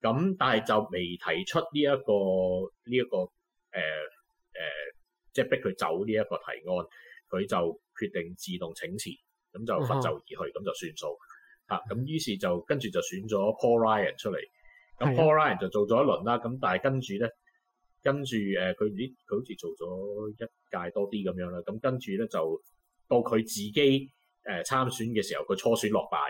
咁但係就未提出呢、這、一個呢一、這個誒誒，即、呃、係、呃就是、逼佢走呢一個提案，佢就決定自動請辭，咁就拂袖而去，咁就算數。嗯啊，咁於是就跟住就選咗 Paul Ryan 出嚟，咁 Paul、啊、Ryan 就做咗一輪啦，咁但係跟住咧，跟住誒佢啲佢好似做咗一屆多啲咁樣啦，咁、嗯、跟住咧就到佢自己誒、呃、參選嘅時候，佢初選落敗，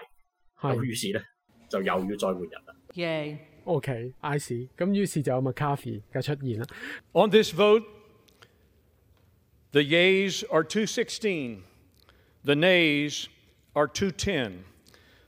咁、啊、於是咧就又要再換人啦。Yay，OK，I、okay, see，咁於是就有 McCarthy 嘅出現啦。On this vote，the yeas are two sixteen，the nays are two ten。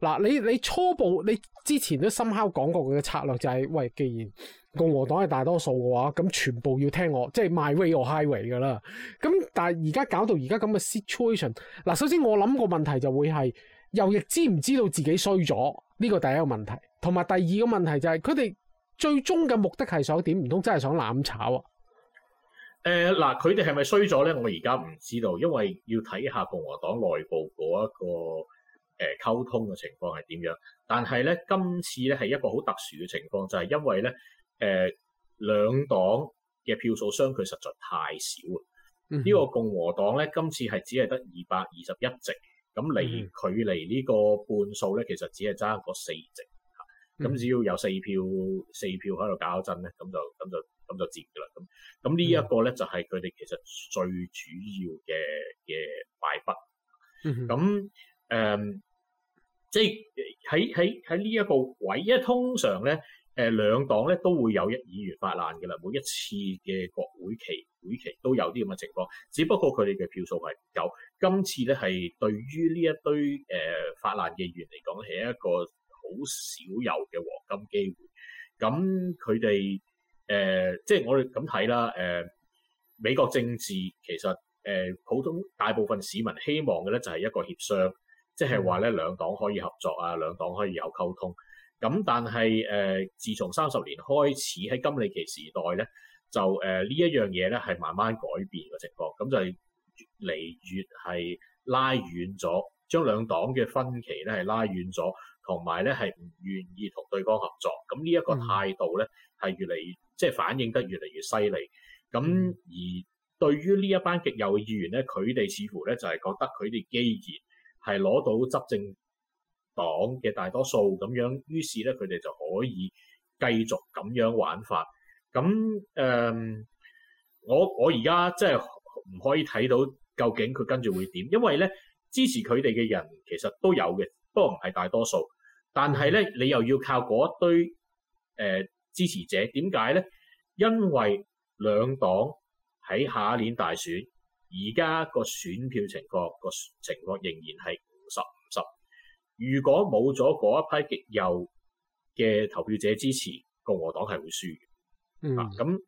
嗱、啊，你你初步你之前都深刻講過佢嘅策略就係、是，喂，既然共和黨係大多數嘅話，咁全部要聽我，即、就、係、是、my way or highway 㗎喇。咁但係而家搞到而家咁嘅 situation，嗱，首先我諗個問題就會係，又亦知唔知道自己衰咗？呢、這個第一個問題，同埋第二個問題就係、是，佢哋最終嘅目的係想點？唔通真係想攬炒啊？誒、呃，嗱、呃，佢哋係咪衰咗咧？我而家唔知道，因為要睇下共和黨內部嗰、那、一個。誒溝通嘅情況係點樣？但係咧，今次咧係一個好特殊嘅情況，就係、是、因為咧，誒兩黨嘅票數相距實在太少啊！呢、嗯這個共和黨咧，今次係只係得二百二十一席，咁離、嗯、距離呢個半數咧，其實只係爭嗰四席。咁、嗯、只要有四票四票喺度搞震咧，咁就咁就咁就賤㗎啦！咁咁呢一個咧，就係佢哋其實最主要嘅嘅敗筆。咁誒。嗯即係喺喺喺呢一個位，一通常咧，誒、呃、兩黨咧都會有一議員發難嘅啦。每一次嘅國會期會期都有啲咁嘅情況，只不過佢哋嘅票數係唔夠。今次咧係對於呢一堆誒、呃、發難嘅議員嚟講，係一個好少有嘅黃金機會。咁佢哋誒，即係我哋咁睇啦，誒、呃、美國政治其實誒普通大部分市民希望嘅咧就係、是、一個協商。即係話咧，兩黨可以合作啊，兩黨可以有溝通。咁但係誒、呃，自從三十年開始喺金利奇時代咧，就誒、呃、呢一樣嘢咧係慢慢改變嘅情況。咁就係越嚟越係拉遠咗，將兩黨嘅分歧咧係拉遠咗，同埋咧係唔願意同對方合作。咁呢一個態度咧係越嚟越即係、就是、反映得越嚟越犀利。咁而對於呢一班極右議員咧，佢哋似乎咧就係、是、覺得佢哋既然係攞到執政黨嘅大多數咁樣，於是咧佢哋就可以繼續咁樣玩法。咁誒、嗯，我我而家即係唔可以睇到究竟佢跟住會點，因為咧支持佢哋嘅人其實都有嘅，不過唔係大多數。但係咧，你又要靠嗰一堆誒、呃、支持者，點解咧？因為兩黨喺下一年大選。而家個選票情況個情況仍然係五十五十。如果冇咗嗰一批極右嘅投票者支持，共和黨係會輸嘅。嗯，咁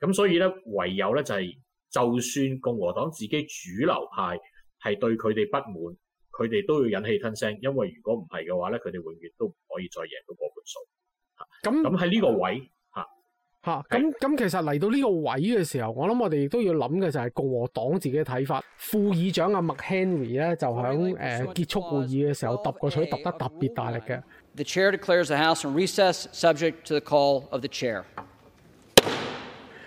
咁所以咧，唯有咧就係、是，就算共和黨自己主流派係對佢哋不滿，佢哋都要忍氣吞聲，因為如果唔係嘅話咧，佢哋永遠都唔可以再贏到個半數。嚇，咁咁喺呢個位。吓咁咁，其實嚟到呢個位嘅時候，我諗我哋亦都要諗嘅就係共和黨自己嘅睇法。副議長阿、啊、McHenry 咧，就響誒、呃、結束會議嘅時候，揼個錘揼得特別大力嘅。The chair declares the house in recess, subject to the call of the chair。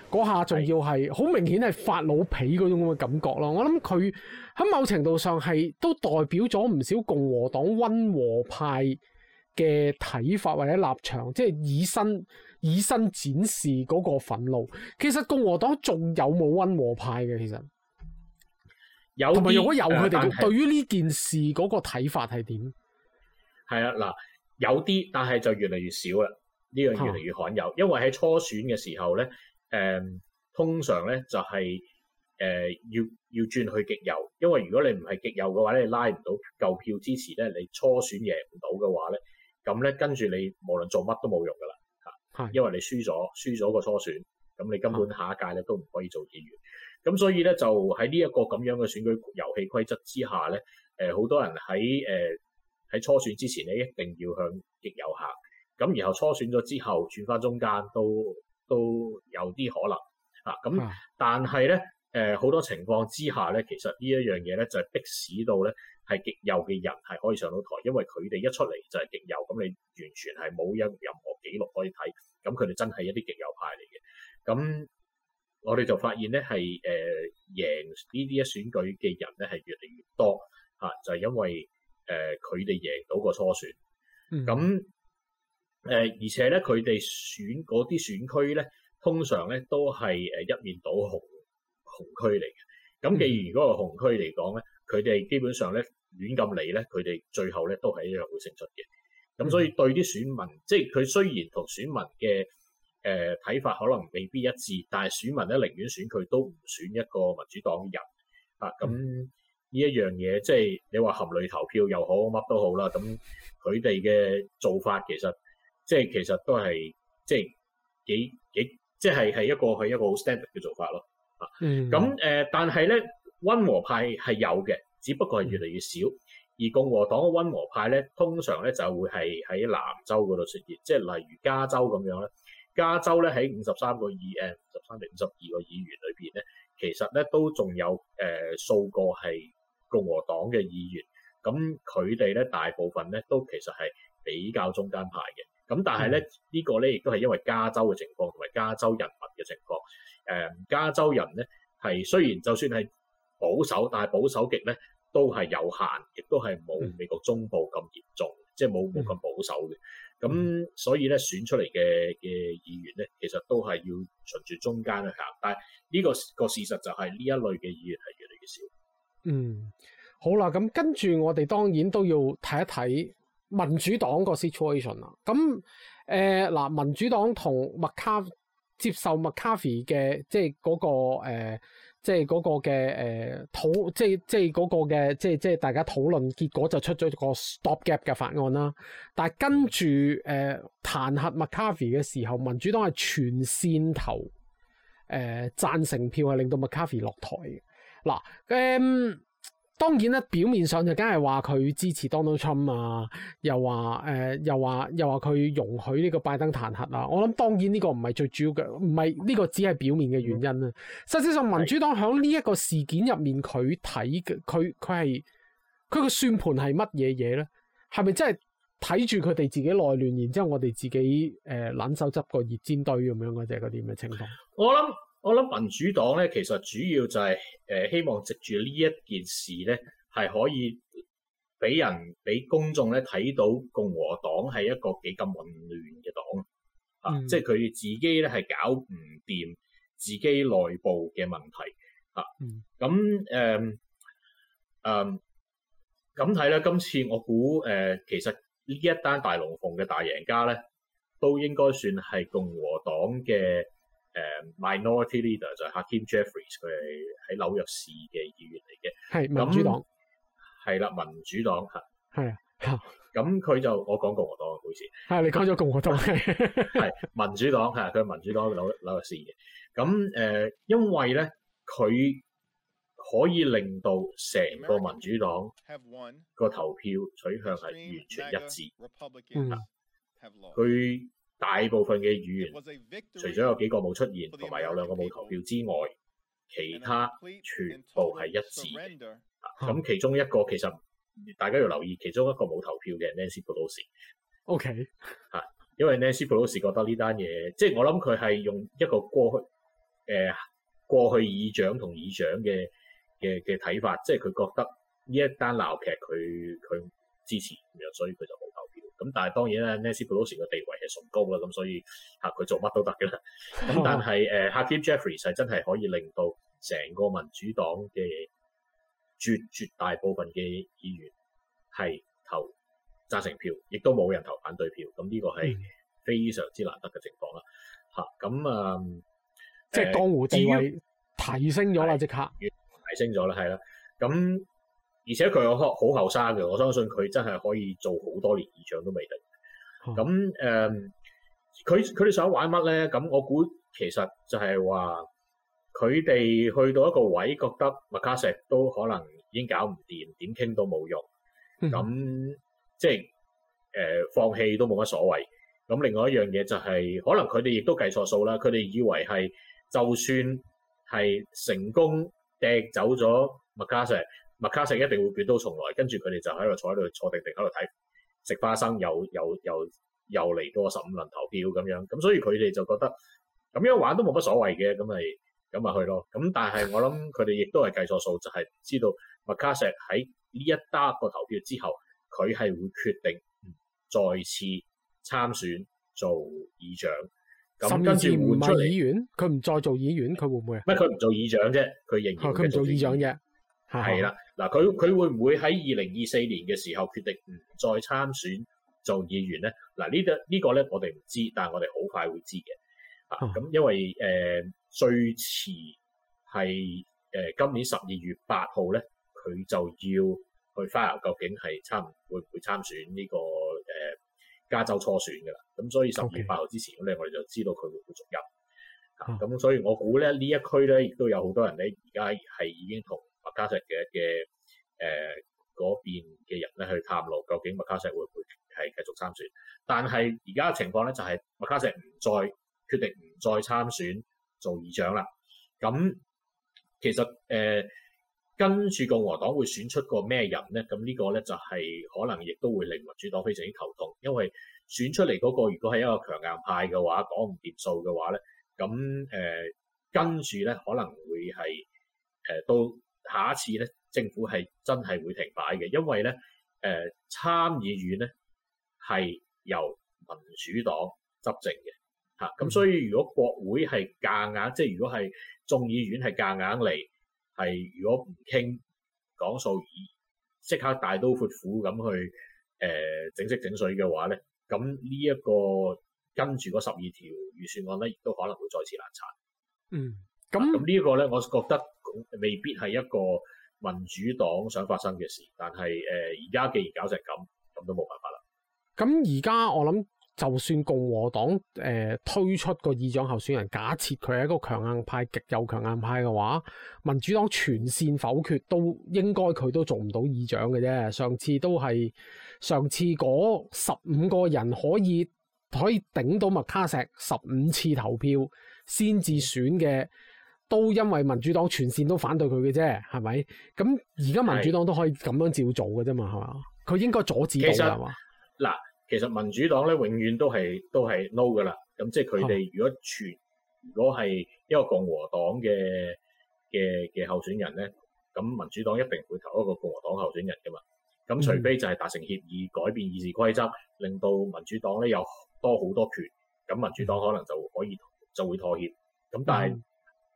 嗰下仲要係好明顯係發老脾嗰種咁嘅感覺咯。我諗佢喺某程度上係都代表咗唔少共和黨温和派嘅睇法或者立場，即係以身。以身展示嗰個憤怒，其實共和黨仲有冇溫和派嘅？其實有，同埋如果有佢哋，對於呢件事嗰個睇法係點？係啊，嗱，有啲，但係就越嚟越少啦。呢、這、樣、個、越嚟越罕有，啊、因為喺初選嘅時候咧，誒、嗯，通常咧就係、是、誒、嗯、要要轉去極右，因為如果你唔係極右嘅話咧，你拉唔到夠票支持咧，你初選贏唔到嘅話咧，咁咧跟住你無論做乜都冇用噶啦。因為你輸咗，輸咗個初選，咁你根本下一屆咧都唔可以做議員，咁所以咧就喺呢一個咁樣嘅選舉遊戲規則之下咧，呃、好多人喺喺、呃、初選之前咧一定要向極右下，咁然後初選咗之後轉翻中間都都有啲可能啊，咁但係咧呃、好多情況之下咧，其實呢一樣嘢咧就係逼使到咧。係極右嘅人係可以上到台，因為佢哋一出嚟就係極右，咁你完全係冇一任何記錄可以睇，咁佢哋真係一啲極右派嚟嘅。咁我哋就發現咧，係誒贏呢啲一選舉嘅人咧，係越嚟越多嚇、啊，就係、是、因為誒佢哋贏到個初選。咁、嗯、誒、呃、而且咧，佢哋選嗰啲選區咧，通常咧都係誒一面倒紅紅區嚟嘅。咁既然嗰個紅區嚟講咧，嗯佢哋基本上咧亂咁嚟咧，佢哋最後咧都係一樣會勝出嘅。咁所以對啲選民，嗯、即係佢雖然同選民嘅誒睇法可能未必一致，但係選民咧寧願選佢都唔選一個民主黨人啊。咁呢一樣嘢，即係你話含淚投票又好，乜都好啦。咁佢哋嘅做法其實即係其實都係即係幾幾即係係一個係一個好 standard 嘅做法咯。啊、嗯，咁誒、呃，但係咧。溫和派係有嘅，只不過係越嚟越少，嗯。而共和黨嘅溫和派咧，通常咧就會係喺藍州嗰度出現，即係例如加州咁樣咧。加州咧喺五十三個議，誒五十三定五十二個議員裏邊咧，其實咧都仲有誒、呃、數個係共和黨嘅議員。咁佢哋咧大部分咧都其實係比較中間派嘅。咁但係咧呢、嗯呢個咧亦都係因為加州嘅情況同埋加州人民嘅情況。誒、呃、加州人咧係雖然就算係。保守，但係保守極咧，都係有限，亦都係冇美國中部咁嚴重，嗯、即係冇冇咁保守嘅。咁、嗯、所以咧，選出嚟嘅嘅議員咧，其實都係要循住中間去行。但係呢、呢個、呢個事實就係呢一類嘅議員係越嚟越少。嗯，好啦，咁跟住我哋當然都要睇一睇民主黨個 situation 啦。咁誒嗱，民主黨同麥卡接受麥卡錫嘅即係嗰個、呃即係嗰個嘅誒討，即係即係嗰個嘅，即係即係大家討論結果就出咗個 stop gap 嘅法案啦。但係跟住誒彈劾麥卡錫嘅時候，民主黨係全線投誒贊成票，係令到麥卡錫落台嘅嗱。啊嗯當然表面上就梗係話佢支持 Donald Trump 啊，又話誒、呃，又話又話佢容許呢個拜登彈劾啊。我諗當然呢個唔係最主要嘅，唔係呢個只係表面嘅原因啊。實際上民主黨喺呢一個事件入面，佢睇佢佢係佢個算盤係乜嘢嘢咧？係咪真係睇住佢哋自己內亂，然之後我哋自己誒冷、呃、手執個熱煎堆咁樣嘅啲咩情況？我諗。我諗民主黨咧，其實主要就係、是呃、希望藉住呢一件事咧，係可以俾人俾公眾咧睇到共和黨係一個幾咁混亂嘅黨啊！即係佢自己咧係搞唔掂自己內部嘅問題啊！咁誒誒咁睇呢，今次我估、呃、其實一呢一單大龍鳳嘅大贏家咧，都應該算係共和黨嘅。Uh, minority leader 就係 Hakeem Jeffries，佢係喺紐約市嘅議員嚟嘅，係民主黨，係啦民主黨嚇，係啊，咁佢就我講共和黨嘅唔好意思，係你講咗共和黨，係民主黨，係佢係民主黨紐紐約市嘅，咁誒、呃、因為咧佢可以令到成個民主黨個投票取向係完全一致，嗯，佢。大部分嘅議員，除咗有幾個冇出現同埋有兩個冇投票之外，其他全部係一致嘅。咁、huh. 其中一個其實大家要留意，其中一個冇投票嘅 Nancy Pelosi。O.K. 吓，因為 Nancy Pelosi 覺得呢單嘢，即 係我諗佢係用一個過去誒、呃、過去議長同議長嘅嘅嘅睇法，即係佢覺得呢一單鬧劇佢佢唔支持，咁樣，所以佢就冇投票。咁、嗯、但係當然咧，Nancy Pelosi 嘅地位係崇高啦，咁所以嚇佢、啊、做乜都得㗎啦。咁、嗯、 但係誒 Hakeem Jeffries 係真係可以令到成個民主黨嘅絕絕大部分嘅議員係投贊成票，亦都冇人投反對票。咁呢個係非常之難得嘅情況啦。嚇、嗯、咁啊，啊，即係江湖地位、呃、提升咗啦，啊、即刻提升咗啦，係、啊、啦。咁而且佢又好好後生嘅，我相信佢真係可以做好多年議長都未定。咁、嗯、誒，佢佢哋想玩乜咧？咁我估其實就係話佢哋去到一個位，覺得麥卡錫都可能已經搞唔掂，點傾都冇用。咁、嗯、即係誒、呃、放棄都冇乜所謂。咁另外一樣嘢就係、是、可能佢哋亦都計錯數啦。佢哋以為係就算係成功踢走咗麥卡錫。麥卡錫一定會捲土重來，跟住佢哋就喺度坐喺度坐定定喺度睇食花生，有有有又又又又嚟多十五輪投票咁樣，咁所以佢哋就覺得咁樣玩都冇乜所謂嘅，咁咪咁咪去咯。咁但係我諗佢哋亦都係計錯數， 就係知道麥卡錫喺呢一打個投票之後，佢係會決定再次參選做議長，咁跟住唔係議員，佢唔再做議員，佢會唔會啊？乜佢唔做議長啫，佢仍佢唔、哦、做議長啫。係啦，嗱， 佢佢會唔會喺二零二四年嘅時候決定唔再參選做議員咧？嗱、這個，呢啲呢個咧，我哋唔知，但係我哋好快會知嘅 啊。咁因為誒、呃、最遲係誒今年十二月八號咧，佢就要去花郵，究竟係參會唔會參選呢、這個誒、呃、加州初選噶啦。咁所以十二月八號之前咧，okay. 我哋就知道佢會唔會續任 啊。咁所以我估咧，呢這一區咧，亦都有好多人咧，而家係已經同。麥卡錫嘅嘅誒嗰邊嘅人咧去探路，究竟麥卡錫會唔會係繼續參選？但係而家嘅情況咧就係、是、麥卡錫唔再決定唔再參選做議長啦。咁其實誒跟住共和黨會選出什麼人呢這個咩人咧？咁呢個咧就係、是、可能亦都會令民主黨非常之頭痛，因為選出嚟嗰個如果係一個強硬派嘅話，講唔掂數嘅話咧，咁誒跟住咧可能會係誒都。呃下一次咧，政府係真係會停擺嘅，因為咧，誒、呃、參議院咧係由民主黨執政嘅，咁、嗯、所以如果國會係夾硬，即係如果係眾議院係夾硬嚟，係如果唔傾講數以，即刻大刀闊斧咁去誒、呃、整色整水嘅話咧，咁呢一個跟住嗰十二條預算案咧，亦都可能會再次難產。嗯，咁咁呢個咧，我覺得。未必係一個民主黨想發生嘅事，但係誒而家既然搞成咁，咁都冇辦法啦。咁而家我諗，就算共和黨誒、呃、推出個議長候選人，假設佢係一個強硬派，極右強硬派嘅話，民主黨全線否決，都應該佢都做唔到議長嘅啫。上次都係上次嗰十五個人可以可以頂到麥卡錫十五次投票先至選嘅。嗯都因為民主黨全線都反對佢嘅啫，係咪？咁而家民主黨都可以咁樣照做嘅啫嘛，係嘛？佢應該阻止，其實嗱，其實民主黨咧永遠都係都係 no 噶啦。咁即係佢哋如果全、oh. 如果係一個共和黨嘅嘅嘅候選人咧，咁民主黨一定唔會投一個共和黨候選人噶嘛。咁除非就係達成協議、mm. 改變議事規則，令到民主黨咧有多好多權，咁民主黨可能就可以、mm. 就會妥協。咁但係。Mm.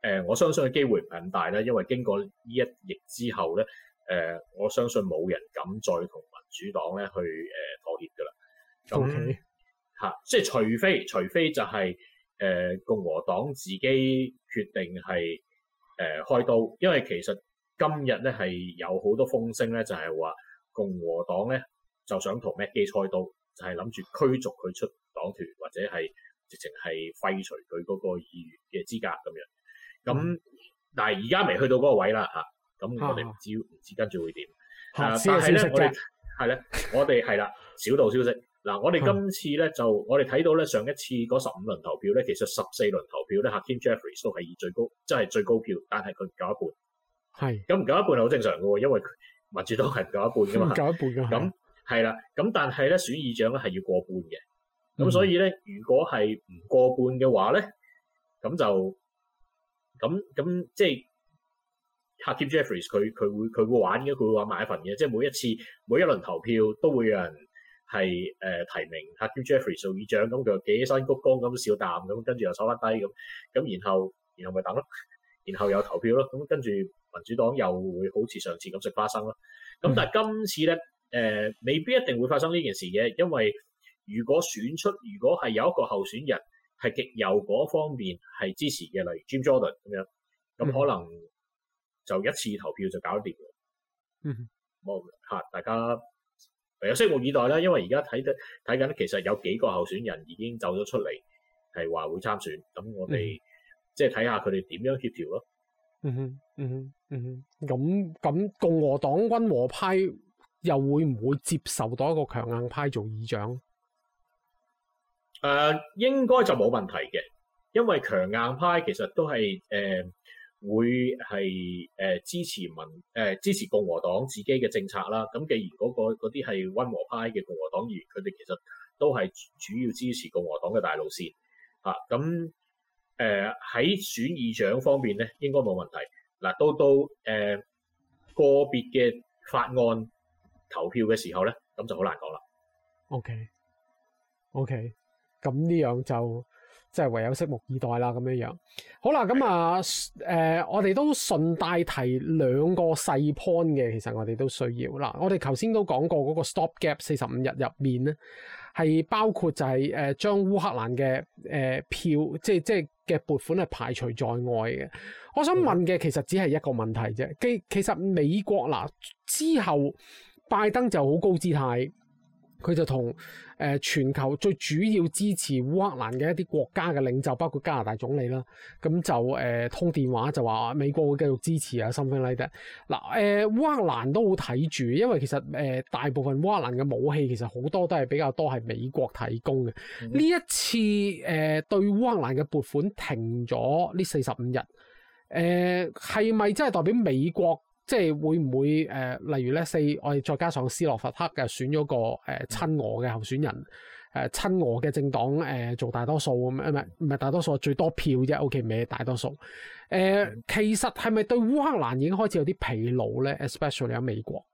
誒、呃，我相信嘅機會唔係咁大啦，因為經過呢一役之後咧，誒、呃，我相信冇人敢再同民主黨咧去誒、呃、妥協噶啦。咁、嗯、嚇、嗯，即係除非除非就係、是、誒、呃、共和黨自己決定係誒、呃、開刀，因為其實今日咧係有好多風聲咧，就係、是、話共和黨咧就想同麥卡錫開刀，就係諗住驅逐佢出黨團，或者係直情係廢除佢嗰個議員嘅資格咁樣。咁、嗯，但係而家未去到嗰個位啦吓，咁我哋唔知唔、啊、知跟住會點、啊。但係咧、啊，我哋係咧，我哋係啦，小道消息。嗱、呃，我哋今次咧就我哋睇到咧，上一次嗰十五輪投票咧，其實十四輪投票咧，Hakeem Jeffries 都係以最高，即係最高票，但係佢唔夠一半。係咁唔夠一半係好正常噶，因為民主黨係唔夠一半噶嘛。唔夠一半噶。咁係啦，咁但係咧選議長咧係要過半嘅，咁所以咧、嗯、如果係唔過半嘅話咧，咁就。咁咁即係 Hakeem Jeffries，佢佢會佢會玩嘅，佢會玩埋一份嘅。即係每一次每一輪投票都會有人係、呃、提名 Hakeem Jeffries 做議長，咁就起身鞠躬，咁笑啖咁，跟住又收翻低咁。咁然後然後咪等咯，然後又投票咯。咁跟住民主黨又會好似上次咁食花生咯。咁但係今次咧、呃、未必一定會發生呢件事嘅，因為如果選出，如果係有一個候選人。係極右嗰方面係支持嘅，例如 Jim Jordan 咁樣，咁可能就一次投票就搞掂。嗯，好，大家又拭目以待啦。因為而家睇得睇緊，其實有幾個候選人已經走咗出嚟，係話會參選。咁我哋即係睇下佢哋點樣協調咯。嗯哼，嗯哼，嗯哼，咁、嗯、咁共和黨温和派又會唔會接受到一個強硬派做議長？誒、uh, 應該就冇問題嘅，因為強硬派其實都係誒、呃、會係誒、呃、支持民誒、呃、支持共和黨自己嘅政策啦。咁既然嗰個嗰啲係溫和派嘅共和黨議員，佢哋其實都係主要支持共和黨嘅大路線嚇。咁誒喺選議長方面咧，應該冇問題嗱。到到誒、呃、個別嘅法案投票嘅時候咧，咁就好難講啦。OK OK。咁呢樣就即係唯有拭目以待啦，咁樣樣好啦，咁啊誒、呃，我哋都順帶提兩個細 point 嘅，其實我哋都需要啦，我哋頭先都講過嗰個 stop gap 四十五日入面咧，係包括就係、是、誒、呃、將烏克蘭嘅誒、呃、票，即係即嘅撥款係排除在外嘅。我想問嘅其實只係一個問題啫，其實美國嗱、呃、之後拜登就好高姿態。佢就同誒、呃、全球最主要支持烏克蘭嘅一啲國家嘅領袖，包括加拿大總理啦，咁就誒、呃、通電話，就話美國會繼續支持啊，something like that。嗱誒，烏克蘭都好睇住，因為其實誒、呃、大部分烏克蘭嘅武器其實好多都係比較多係美國提供嘅。呢、嗯、一次誒、呃、對烏克蘭嘅撥款停咗呢四十五日，誒係咪真係代表美國？即係會唔會誒？例如咧，斯我哋再加上斯洛伐克嘅選咗個誒親俄嘅候選人，誒親俄嘅政黨誒做大多數咁啊？唔係唔係大多數，最多票啫。O.K. 唔係大多數？誒，其實係咪對烏克蘭已經開始有啲疲勞咧？Especially 喺美國。誒、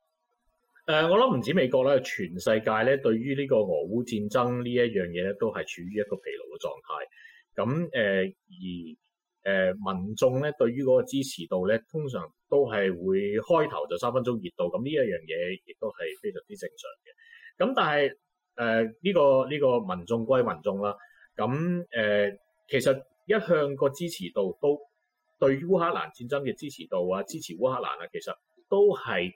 呃，我諗唔止美國咧，全世界咧對於呢個俄烏戰爭呢一樣嘢咧，都係處於一個疲勞嘅狀態。咁誒而誒民眾咧對於嗰個支持度咧，通常，都係會開頭就三分鐘熱度，咁呢一樣嘢亦都係非常之正常嘅。咁但係誒呢個呢個民眾歸民眾啦。咁誒、呃、其實一向個支持度都對於烏克蘭戰爭嘅支持度啊，支持烏克蘭啊，其實都係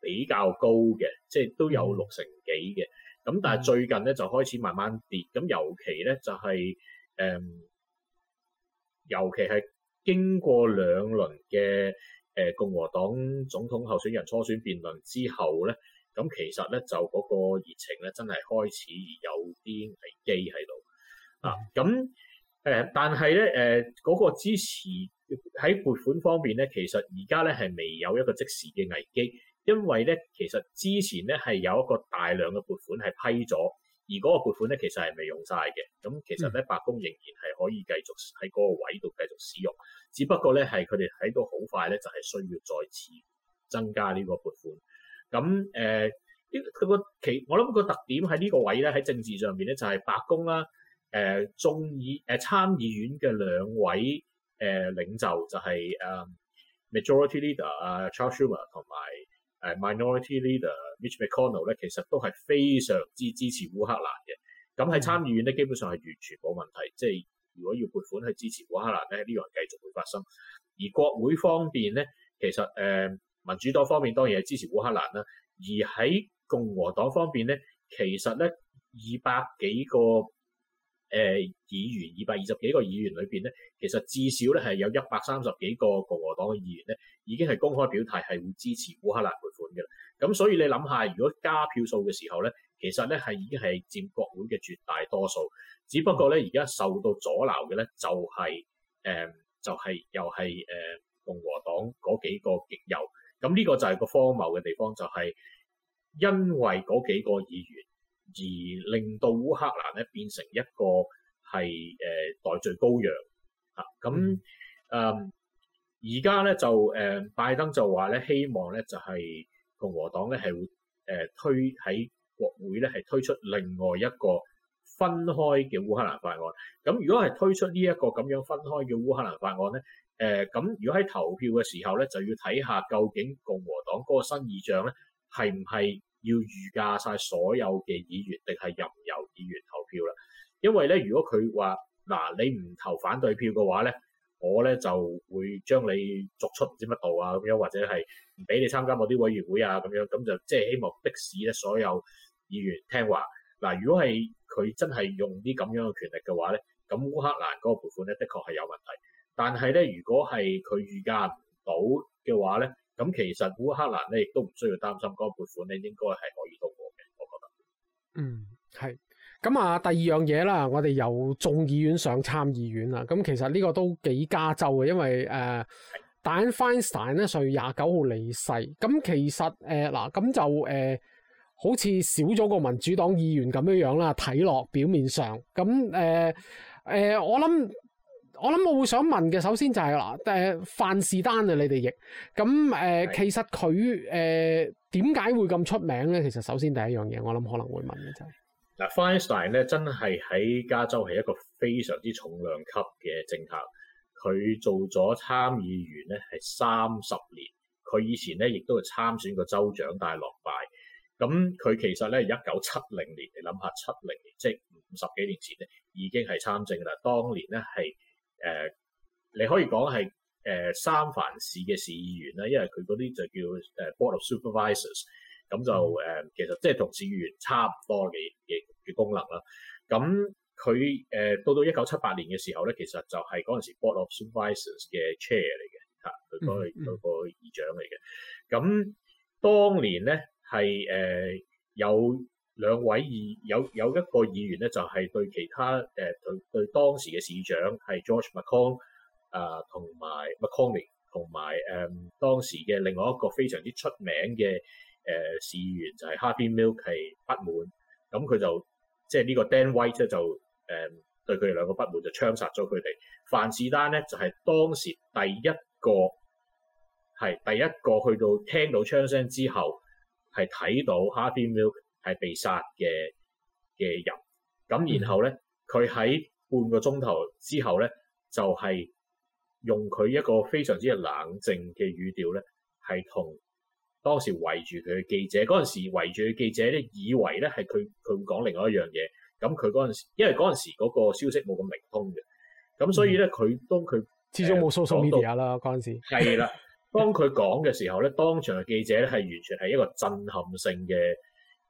比較高嘅，即係都有六成幾嘅。咁但係最近咧就開始慢慢跌，咁尤其咧就係誒，尤其係經過兩輪嘅。誒共和黨總統候選人初選辯論之後咧，咁其實咧就嗰個熱情咧真係開始有啲危機喺度、嗯、啊。咁但係咧誒嗰個支持喺撥款方面咧，其實而家咧係未有一個即時嘅危機，因為咧其實之前咧係有一個大量嘅撥款係批咗。而嗰個撥款咧，其實係未用晒嘅。咁其實咧，白宮仍然係可以繼續喺嗰個位度繼續使用，只不過咧，係佢哋喺度好快咧，就係需要再次增加呢個撥款。咁誒，呢佢個其我諗個特點喺呢個位咧，喺政治上邊咧、呃呃呃，就係白宮啦，誒眾議誒參議院嘅兩位誒領袖就係誒 Majority Leader 啊、呃、Charles Schumer 同埋。誒 minority leader Mitch McConnell 咧，其實都係非常之支持烏克蘭嘅。咁喺參議院咧，基本上係完全冇問題。即係如果要撥款去支持烏克蘭咧，呢樣繼續會發生。而國會方面咧，其實誒民主黨方面當然係支持烏克蘭啦。而喺共和黨方面咧，其實咧，二百幾個，誒、呃、議員二百二十幾個議員裏邊咧，其實至少咧係有一百三十幾個共和黨嘅議員咧，已經係公開表態係會支持烏克蘭撥款嘅。咁所以你諗下，如果加票數嘅時候咧，其實咧係已經係佔國會嘅絕大多數。只不過咧，而家受到阻撓嘅咧就係、係嗯、就係、係、又係、嗯、共和黨嗰幾個極右。咁呢個就係個荒謬嘅地方，就係、係、因為嗰幾個議員。而令到烏克蘭咧變成一個係誒代罪羔羊嚇咁，誒，而家咧就誒拜登就話咧希望咧就係共和黨咧係會誒推喺國會咧係推出另外一個分開嘅烏克蘭法案。咁如果係推出呢一個咁樣分開嘅烏克蘭法案咧，誒咁如果喺投票嘅時候咧就要睇下究竟共和黨嗰個新議長咧係唔係要預架晒所有嘅議員，定係任由議員投票啦。因為咧，如果佢話嗱，你唔投反對票嘅話咧，我咧就會將你逐出唔知乜度啊咁樣，或者係唔俾你參加某啲委員會啊咁樣，咁就即係希望逼使咧所有議員聽話。嗱，如果係佢真係用啲咁樣嘅權力嘅話咧，咁烏克蘭嗰個撥款咧的確係有問題。但係咧，如果係佢預架唔到嘅話咧，咁其實烏克蘭咧，亦都唔需要擔心嗰個撥款咧，應該係可以通過嘅，我覺得。嗯，係。咁啊，第二樣嘢啦，我哋由眾議院上參議院啦。咁其實呢個都幾加詮嘅，因為誒，大恩費斯坦咧，上月廿九號離世。咁其實誒嗱，咁、呃、就誒、呃，好似少咗個民主黨議員咁樣樣啦。睇落表面上，咁誒誒，我諗。我諗我會想問嘅，首先就係、是、嗱，誒、呃、范士丹啊，你哋亦咁誒，呃、其實佢誒點解會咁出名咧？其實首先第一樣嘢，我諗可能會問嘅就係、啊，嗱，范士丹咧，真係喺加州係一個非常之重量級嘅政客，佢做咗參議員咧係三十年，佢以前咧亦都係參選過州長大，但係落敗。咁佢其實咧一九七零年，你諗下七零年，即係五十幾年前咧已經係參政㗎喇。當年咧係。是誒、uh，你可以講係誒三藩市嘅市議員啦，因為佢嗰啲就叫誒 Board of Supervisors，咁就誒、uh, 其實即係同市議員差唔多嘅嘅嘅功能啦。咁佢誒到到一九七八年嘅時候咧，其實就係嗰陣時 Board of Supervisors 嘅 Chair 嚟嘅，嚇佢當係嗰個議長嚟嘅。咁當年咧係誒有。兩位議有有一個議員咧，就係、是、對其他誒、呃、對對當時嘅市長係 George Moscone 啊、呃，同埋 Moscone 同埋誒、呃、當時嘅另外一個非常之出名嘅誒、呃、市議員就係、是、Harvey Milk 係不滿，咁佢就即係呢個 Dan White 咧就誒、呃、對佢哋兩個不滿就槍殺咗佢哋。范士丹咧就係、是、當時第一個係第一個去到聽到槍聲之後係睇到 Harvey Milk。係被殺嘅嘅人，咁然後咧，佢喺半個鐘頭之後咧，就係用佢一個非常之冷靜嘅語調咧，係同當時圍住佢嘅記者，嗰陣時圍住嘅記者咧，以為咧係佢佢會講另外一樣嘢，咁佢嗰陣時，因為嗰陣時嗰個消息冇咁明通嘅，咁所以咧，佢當佢始終冇 social media 啦嗰陣時，係啦， 當佢講嘅時候咧，當場嘅記者咧係完全係一個震撼性嘅。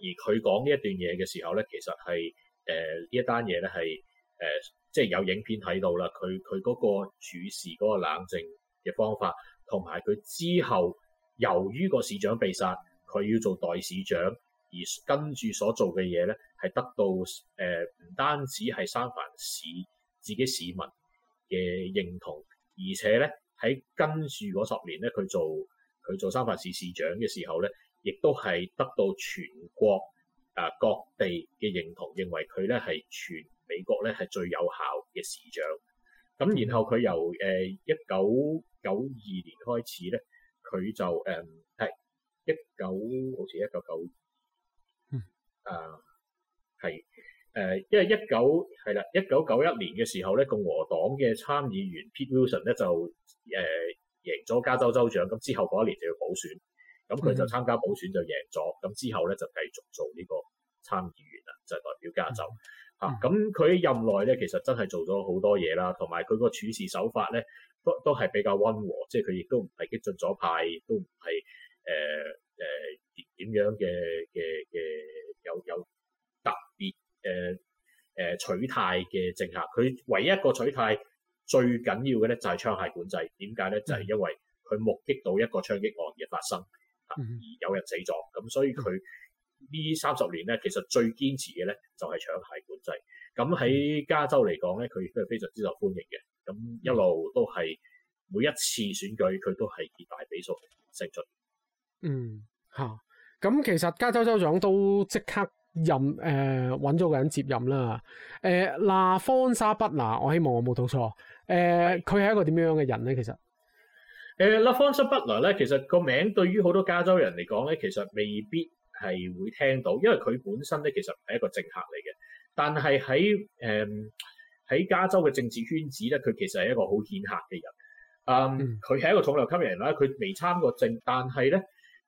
而佢講呢一段嘢嘅時候咧，其實係誒呢一單嘢咧係誒即係有影片睇到啦。佢佢嗰個處事嗰個冷靜嘅方法，同埋佢之後由於個市長被殺，佢要做代市長，而跟住所做嘅嘢咧係得到誒唔單止係三藩市自己市民嘅認同，而且咧喺跟住嗰十年咧，佢做佢做三藩市市長嘅時候咧。亦都係得到全國啊各地嘅認同，認為佢咧係全美國咧係最有效嘅市長。咁然後佢由誒一九九二年開始咧，佢就誒係一九好似一九九啊係誒，因為一九係啦，一九九一年嘅時候咧，共和黨嘅參議員 Pete Wilson 咧就誒贏咗加州州長，咁之後嗰一年就要補選。咁佢就參加補選就贏咗，咁、mm-hmm. 之後咧就繼續做呢個參議員啦，就係、代表加州嚇。咁、mm-hmm. 佢、啊、任內咧，其實真係做咗好多嘢啦，同埋佢個處事手法咧都都係比較溫和，即係佢亦都唔係激進左派，亦都唔係誒誒點樣嘅嘅嘅有有特別誒、呃呃、取態嘅政客。佢唯一一個取態最緊要嘅咧就係槍械管制，點解咧就係因為佢目擊到一個槍擊案嘅發生。而有人死咗，咁所以佢呢三十年咧，其實最堅持嘅咧就係槍械管制。咁喺加州嚟講咧，佢亦都係非常之受歡迎嘅。咁一路都係每一次選舉，佢都係以大比數勝出。嗯，吓，咁其實加州州長都即刻任誒揾咗個人接任啦。誒、呃，那方沙不拿，我希望我冇讀錯。誒、呃，佢係一個點樣嘅人咧？其實？誒、uh，Lafonza Butler 咧，其實個名對於好多加州人嚟講咧，其實未必係會聽到，因為佢本身咧其實唔係一個政客嚟嘅。但係喺誒喺加州嘅政治圈子咧，佢其實係一個好顯客嘅人。嗯，佢係一個重量級人啦，佢未參過政，但係咧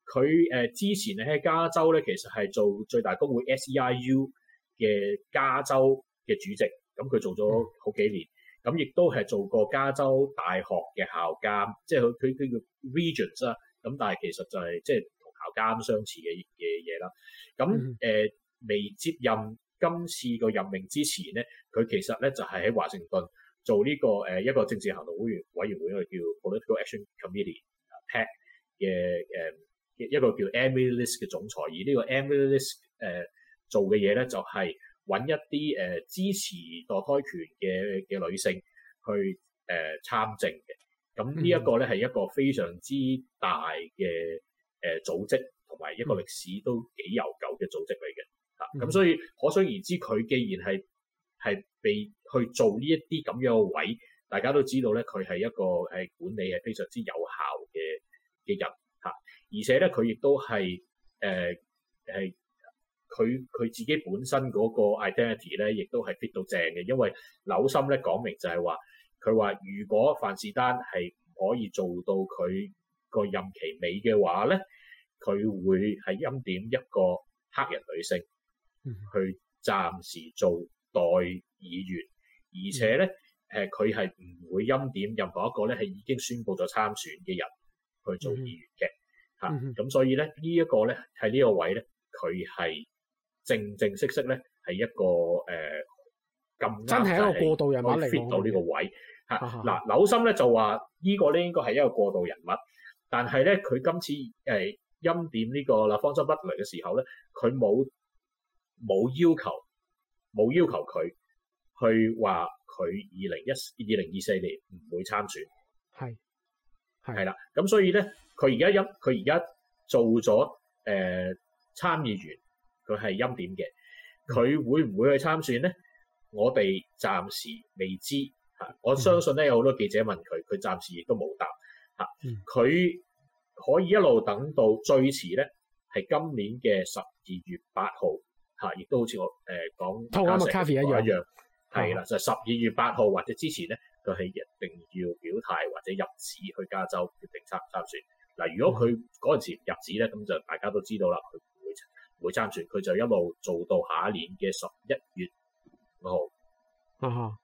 佢誒之前咧喺加州咧，其實係做最大工會 SEIU 嘅加州嘅主席，咁佢做咗好幾年。嗯。咁亦都係做過加州大學嘅校監，即係佢佢佢叫 Regents 啦。咁但係其實就係即係同校監相似嘅嘅嘢啦。咁誒未接任今次個任命之前咧，佢其實咧就係喺華盛頓做呢、這個誒一個政治行動委員委員會，一個叫 Political Action Committee PAC 嘅一個叫 Emily List 嘅總裁。而呢個 Emily List 做嘅嘢咧就係、是。揾一啲誒、呃、支持墮胎權嘅嘅女性去誒、呃、參政嘅，咁呢一個咧係一個非常之大嘅誒、呃、組織，同埋一個歷史都幾悠久嘅組織嚟嘅嚇。咁、嗯啊、所以可想而知，佢既然係係被去做呢一啲咁樣嘅位，大家都知道咧，佢係一個係管理係非常之有效嘅嘅人嚇、啊，而且咧佢亦都係誒係。佢佢自己本身嗰個 identity 咧，亦都係 fit 到正嘅。因為紐森咧講明就係話，佢話如果范士丹係唔可以做到佢個任期尾嘅話咧，佢會係欽點一個黑人女性去暫時做代議員，嗯、而且咧佢係唔會欽點任何一個咧係已經宣佈咗參選嘅人去做議員嘅咁、嗯啊、所以咧呢一、這個咧喺呢個位咧，佢係。正正式式咧，係一個誒、呃，真係一個過渡人物嚟。fit、啊、到、啊、呢就說呢個位嚇，嗱，柳心咧就話：呢個咧應該係一個過渡人物，但係咧佢今次誒欽、呃、點呢、呢個啦，方舟不來嘅時候咧，佢冇冇要求，冇要求佢去話佢二零一二零二四年唔會參選。係係啦，咁所以咧，佢而家陰佢而家做咗誒參議員。佢係欽點嘅，佢會唔會去參選咧？我哋暫時未知嚇。我相信咧，有好多記者問佢，佢暫時亦都冇答嚇。佢可以一路等到最遲咧，係今年嘅十二月八號嚇，亦都好似我誒、呃、講。同阿 McCarthy 一樣，係啦，就係十二月八號或者之前咧，佢係一定要表態或者入紙去加州決定參參選。嗱，如果佢嗰陣時入紙咧，咁就大家都知道啦。唔會爭住，佢就一路做到下一年嘅十一月五號啊，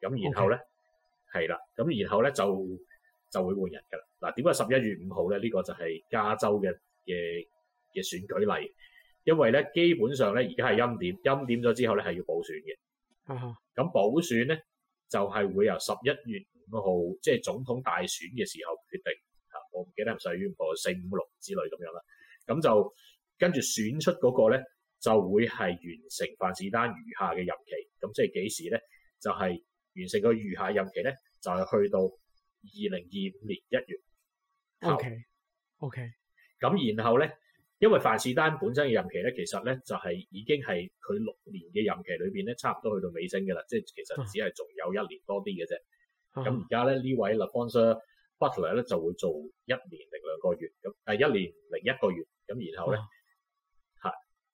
咁、uh-huh. 然後咧係啦，咁、okay. 然後咧就就會換人㗎啦。嗱，點解十一月五號咧？呢、這個就係加州嘅嘅嘅選舉例。因為咧基本上咧而家係欽點，欽點咗之後咧，係要補選嘅。咁補選咧就係、是、會由十一月五號，即係總統大選嘅時候決定啊。我唔記得唔細雨唔四五六之類咁樣啦，咁就。跟住選出嗰個咧，就會係完成范士丹餘下嘅任期。咁即係幾時咧？就係完成佢餘下任期咧，就係去到二零二五年一月。O K，O K。咁然後咧，因為范士丹本身嘅任期咧，其實咧就係已經係佢六年嘅任期裏面咧，差唔多去到尾聲嘅啦。即係其實只係仲有一年多啲嘅啫。咁而家咧呢位 Laphonza Butler 咧就會做一年零兩個月，咁誒一年零一個月。咁然後咧。Uh-huh.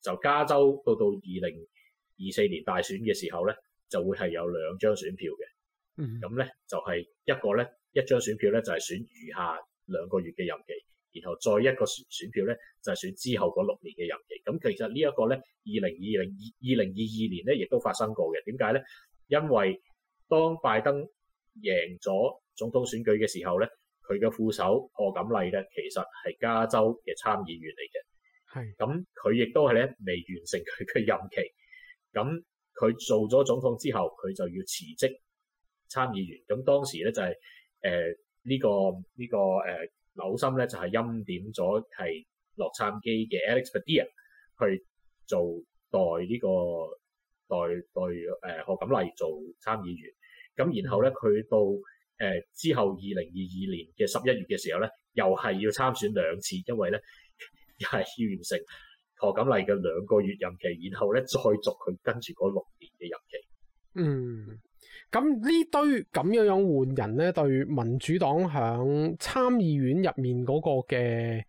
就加州到到二零二四年大選嘅時候咧，就會係有兩張選票嘅，咁、mm-hmm. 咧就係一個咧，一張選票咧就係選餘下兩個月嘅任期，然後再一個選選票咧就係選之後嗰六年嘅任期。咁其實這個呢一個咧二零二零二二零二二年咧亦都發生過嘅。點解咧？因為當拜登贏咗總統選舉嘅時候咧，佢嘅副手賀錦麗咧其實係加州嘅參議員嚟嘅。係咁，佢亦都係咧未完成佢嘅任期。咁佢做咗總統之後，佢就要辭職參議員。咁當時咧就係誒呢個呢、這個誒、呃、紐森咧就係、是、欽點咗係洛杉磯嘅 Alex Padilla 去做代呢、這個代代誒、呃、何錦麗做參議員。咁然後咧佢到誒、呃、之後二零二二年嘅十一月嘅時候咧，又係要參選兩次，因為咧。係完成何錦麗嘅兩個月任期，然後咧再續佢跟住嗰六年嘅任期。嗯，咁呢堆咁樣樣換人咧，對民主黨喺參議院入面嗰個嘅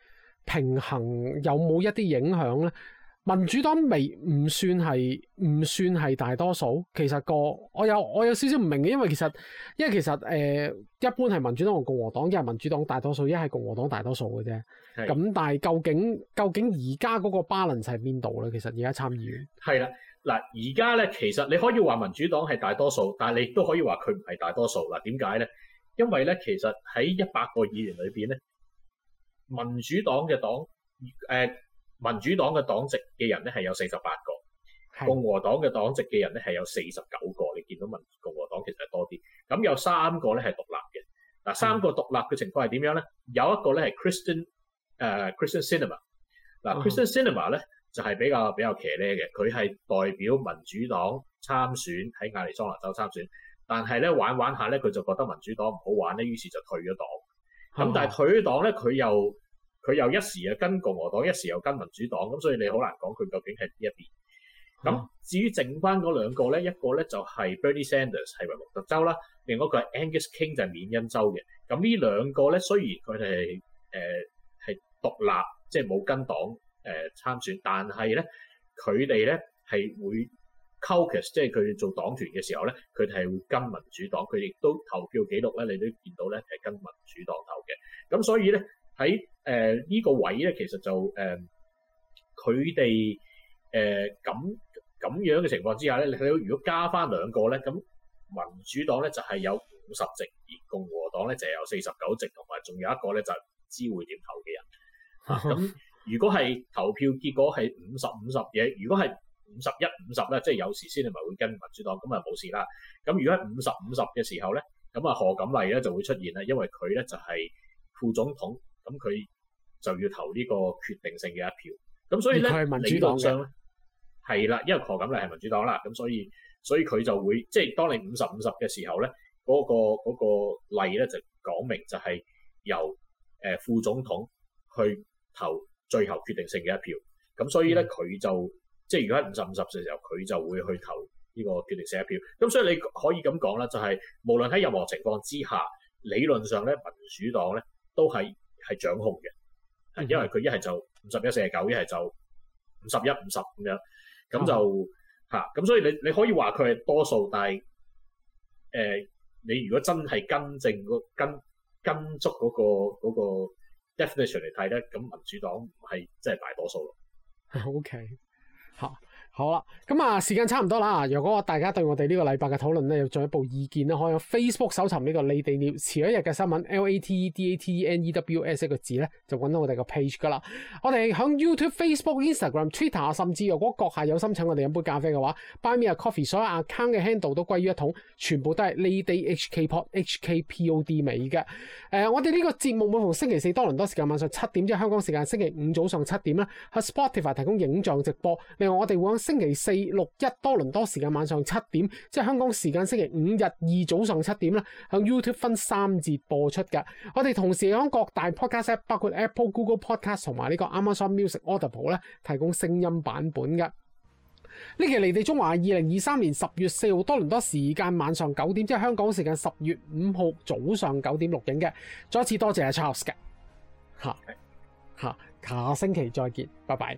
平衡有冇一啲影響咧？民主黨未唔算係唔算係大多數。其實個我有我有少少唔明嘅，因為其實因為其實誒、呃、一般係民主黨同共和黨一係民主黨大多數，一係共和黨大多數嘅啫。咁但係究竟究竟而家嗰個 balance 係邊度咧？其實而家參議院係啦，嗱而家咧，其實你可以話民主黨係大多數，但係你亦都可以話佢唔係大多數。嗱點解咧？因為咧，其實喺一百個議員裏邊咧，民主黨嘅黨誒、呃，民主黨嘅黨籍嘅人咧係有四十八個，共和黨嘅黨籍嘅人咧係有四十九個。你見到民共和黨其實係多啲，咁有三個咧係獨立嘅。嗱，三個獨立嘅情況係點樣咧？有一個咧係 Christian。誒、uh，Christian Cinema 嗱，Christian Cinema 咧，oh. 就係比較比較騎呢嘅。佢係代表民主黨參選喺亞利桑拿州參選，但係咧玩玩下咧，佢就覺得民主黨唔好玩咧，於是就退咗黨。咁但係退咗黨咧，佢又佢又一時又跟共和黨，一時又跟民主黨，咁所以你好難講佢究竟係邊一邊。咁至於剩翻嗰兩個咧，一個咧就係、是、Bernie Sanders 係佛蒙特州啦，另外一個是 Angus King 就係緬因州嘅。咁呢兩個咧雖然佢哋誒。呃獨立即係冇跟黨，誒、呃、參選，但係咧佢哋咧係會 caucus 即係佢哋做黨團嘅時候咧，佢哋係會跟民主黨。佢亦都投票記錄咧，你都見到咧係跟民主黨投嘅。咁所以咧喺誒呢、呃這個位咧，其實就誒佢哋誒咁咁樣嘅情況之下咧，你睇到如果加翻兩個咧，咁民主黨咧就係、是、有五十席，而共和黨咧就係、是、有四十九席，同埋仲有一個咧就是、唔知會點投嘅人。咁、嗯、如果係投票結果係五十五十嘅，如果係五十一五十咧，即係有時先係咪會跟民主黨，咁咪冇事啦。咁如果五十五十嘅時候咧，咁啊何錦麗咧就會出現啦，因為佢咧就係副總統，咁佢就要投呢個決定性嘅一票。咁所以咧，民主黨上咧係啦，因為何錦麗係民主黨啦，咁所以所以佢就會即係、就是、當你五十五十嘅時候咧，嗰、那個、那個例咧就講明就係由誒、呃、副總統去。投最後決定性嘅一票，咁所以咧佢、嗯、就即係如果喺五十五十歲嘅時候，佢就會去投呢個決定性一票。咁所以你可以咁講啦，就係、是、無論喺任何情況之下，理論上咧民主黨咧都係係掌控嘅、嗯，因為佢一係就五十一四十九，一係就五十一五十咁樣，咁就吓咁所以你你可以話佢係多數，但係、呃、你如果真係跟正嗰跟跟足嗰個嗰個。嗰個 i t 嚟睇咧，咁民主黨唔係真係大多數咯。O K，嚇。好啦，咁啊，時間差唔多啦。如果大家對我哋呢個禮拜嘅討論咧有進一步意見咧，可以喺 Facebook 搜尋呢個 LateDate 鳥遲一日嘅新聞 L A T E D A T E N E W S 一個字咧，就搵到我哋個 page 噶啦。我哋響 YouTube、Facebook、Instagram、Twitter 甚至如果閣下有心請我哋飲杯咖啡嘅話，Buy Me a Coffee 所有 account 嘅 handle 都歸於一桶，全部都係 LateDate H K Pod H K P O D 尾嘅。誒、呃，我哋呢個節目每逢星期四多倫多時間晚上七點，即係香港時間星期五早上七點啦。喺 Spotify 提供影像直播，另外我哋星期四六一多倫多時間晚上七點，即係香港時間星期五日二早上七點啦，喺 YouTube 分三節播出嘅。我哋同時響各大 podcast app，包括 Apple、Google Podcast 同埋呢個 Amazon Music Audible 咧，提供聲音版本嘅。呢期離地中華，二零二三年十月四號多倫多時間晚上九點，即係香港時間十月五號早上九點錄影嘅。再一次多謝 Charles 嘅，吓，下星期再見，拜拜。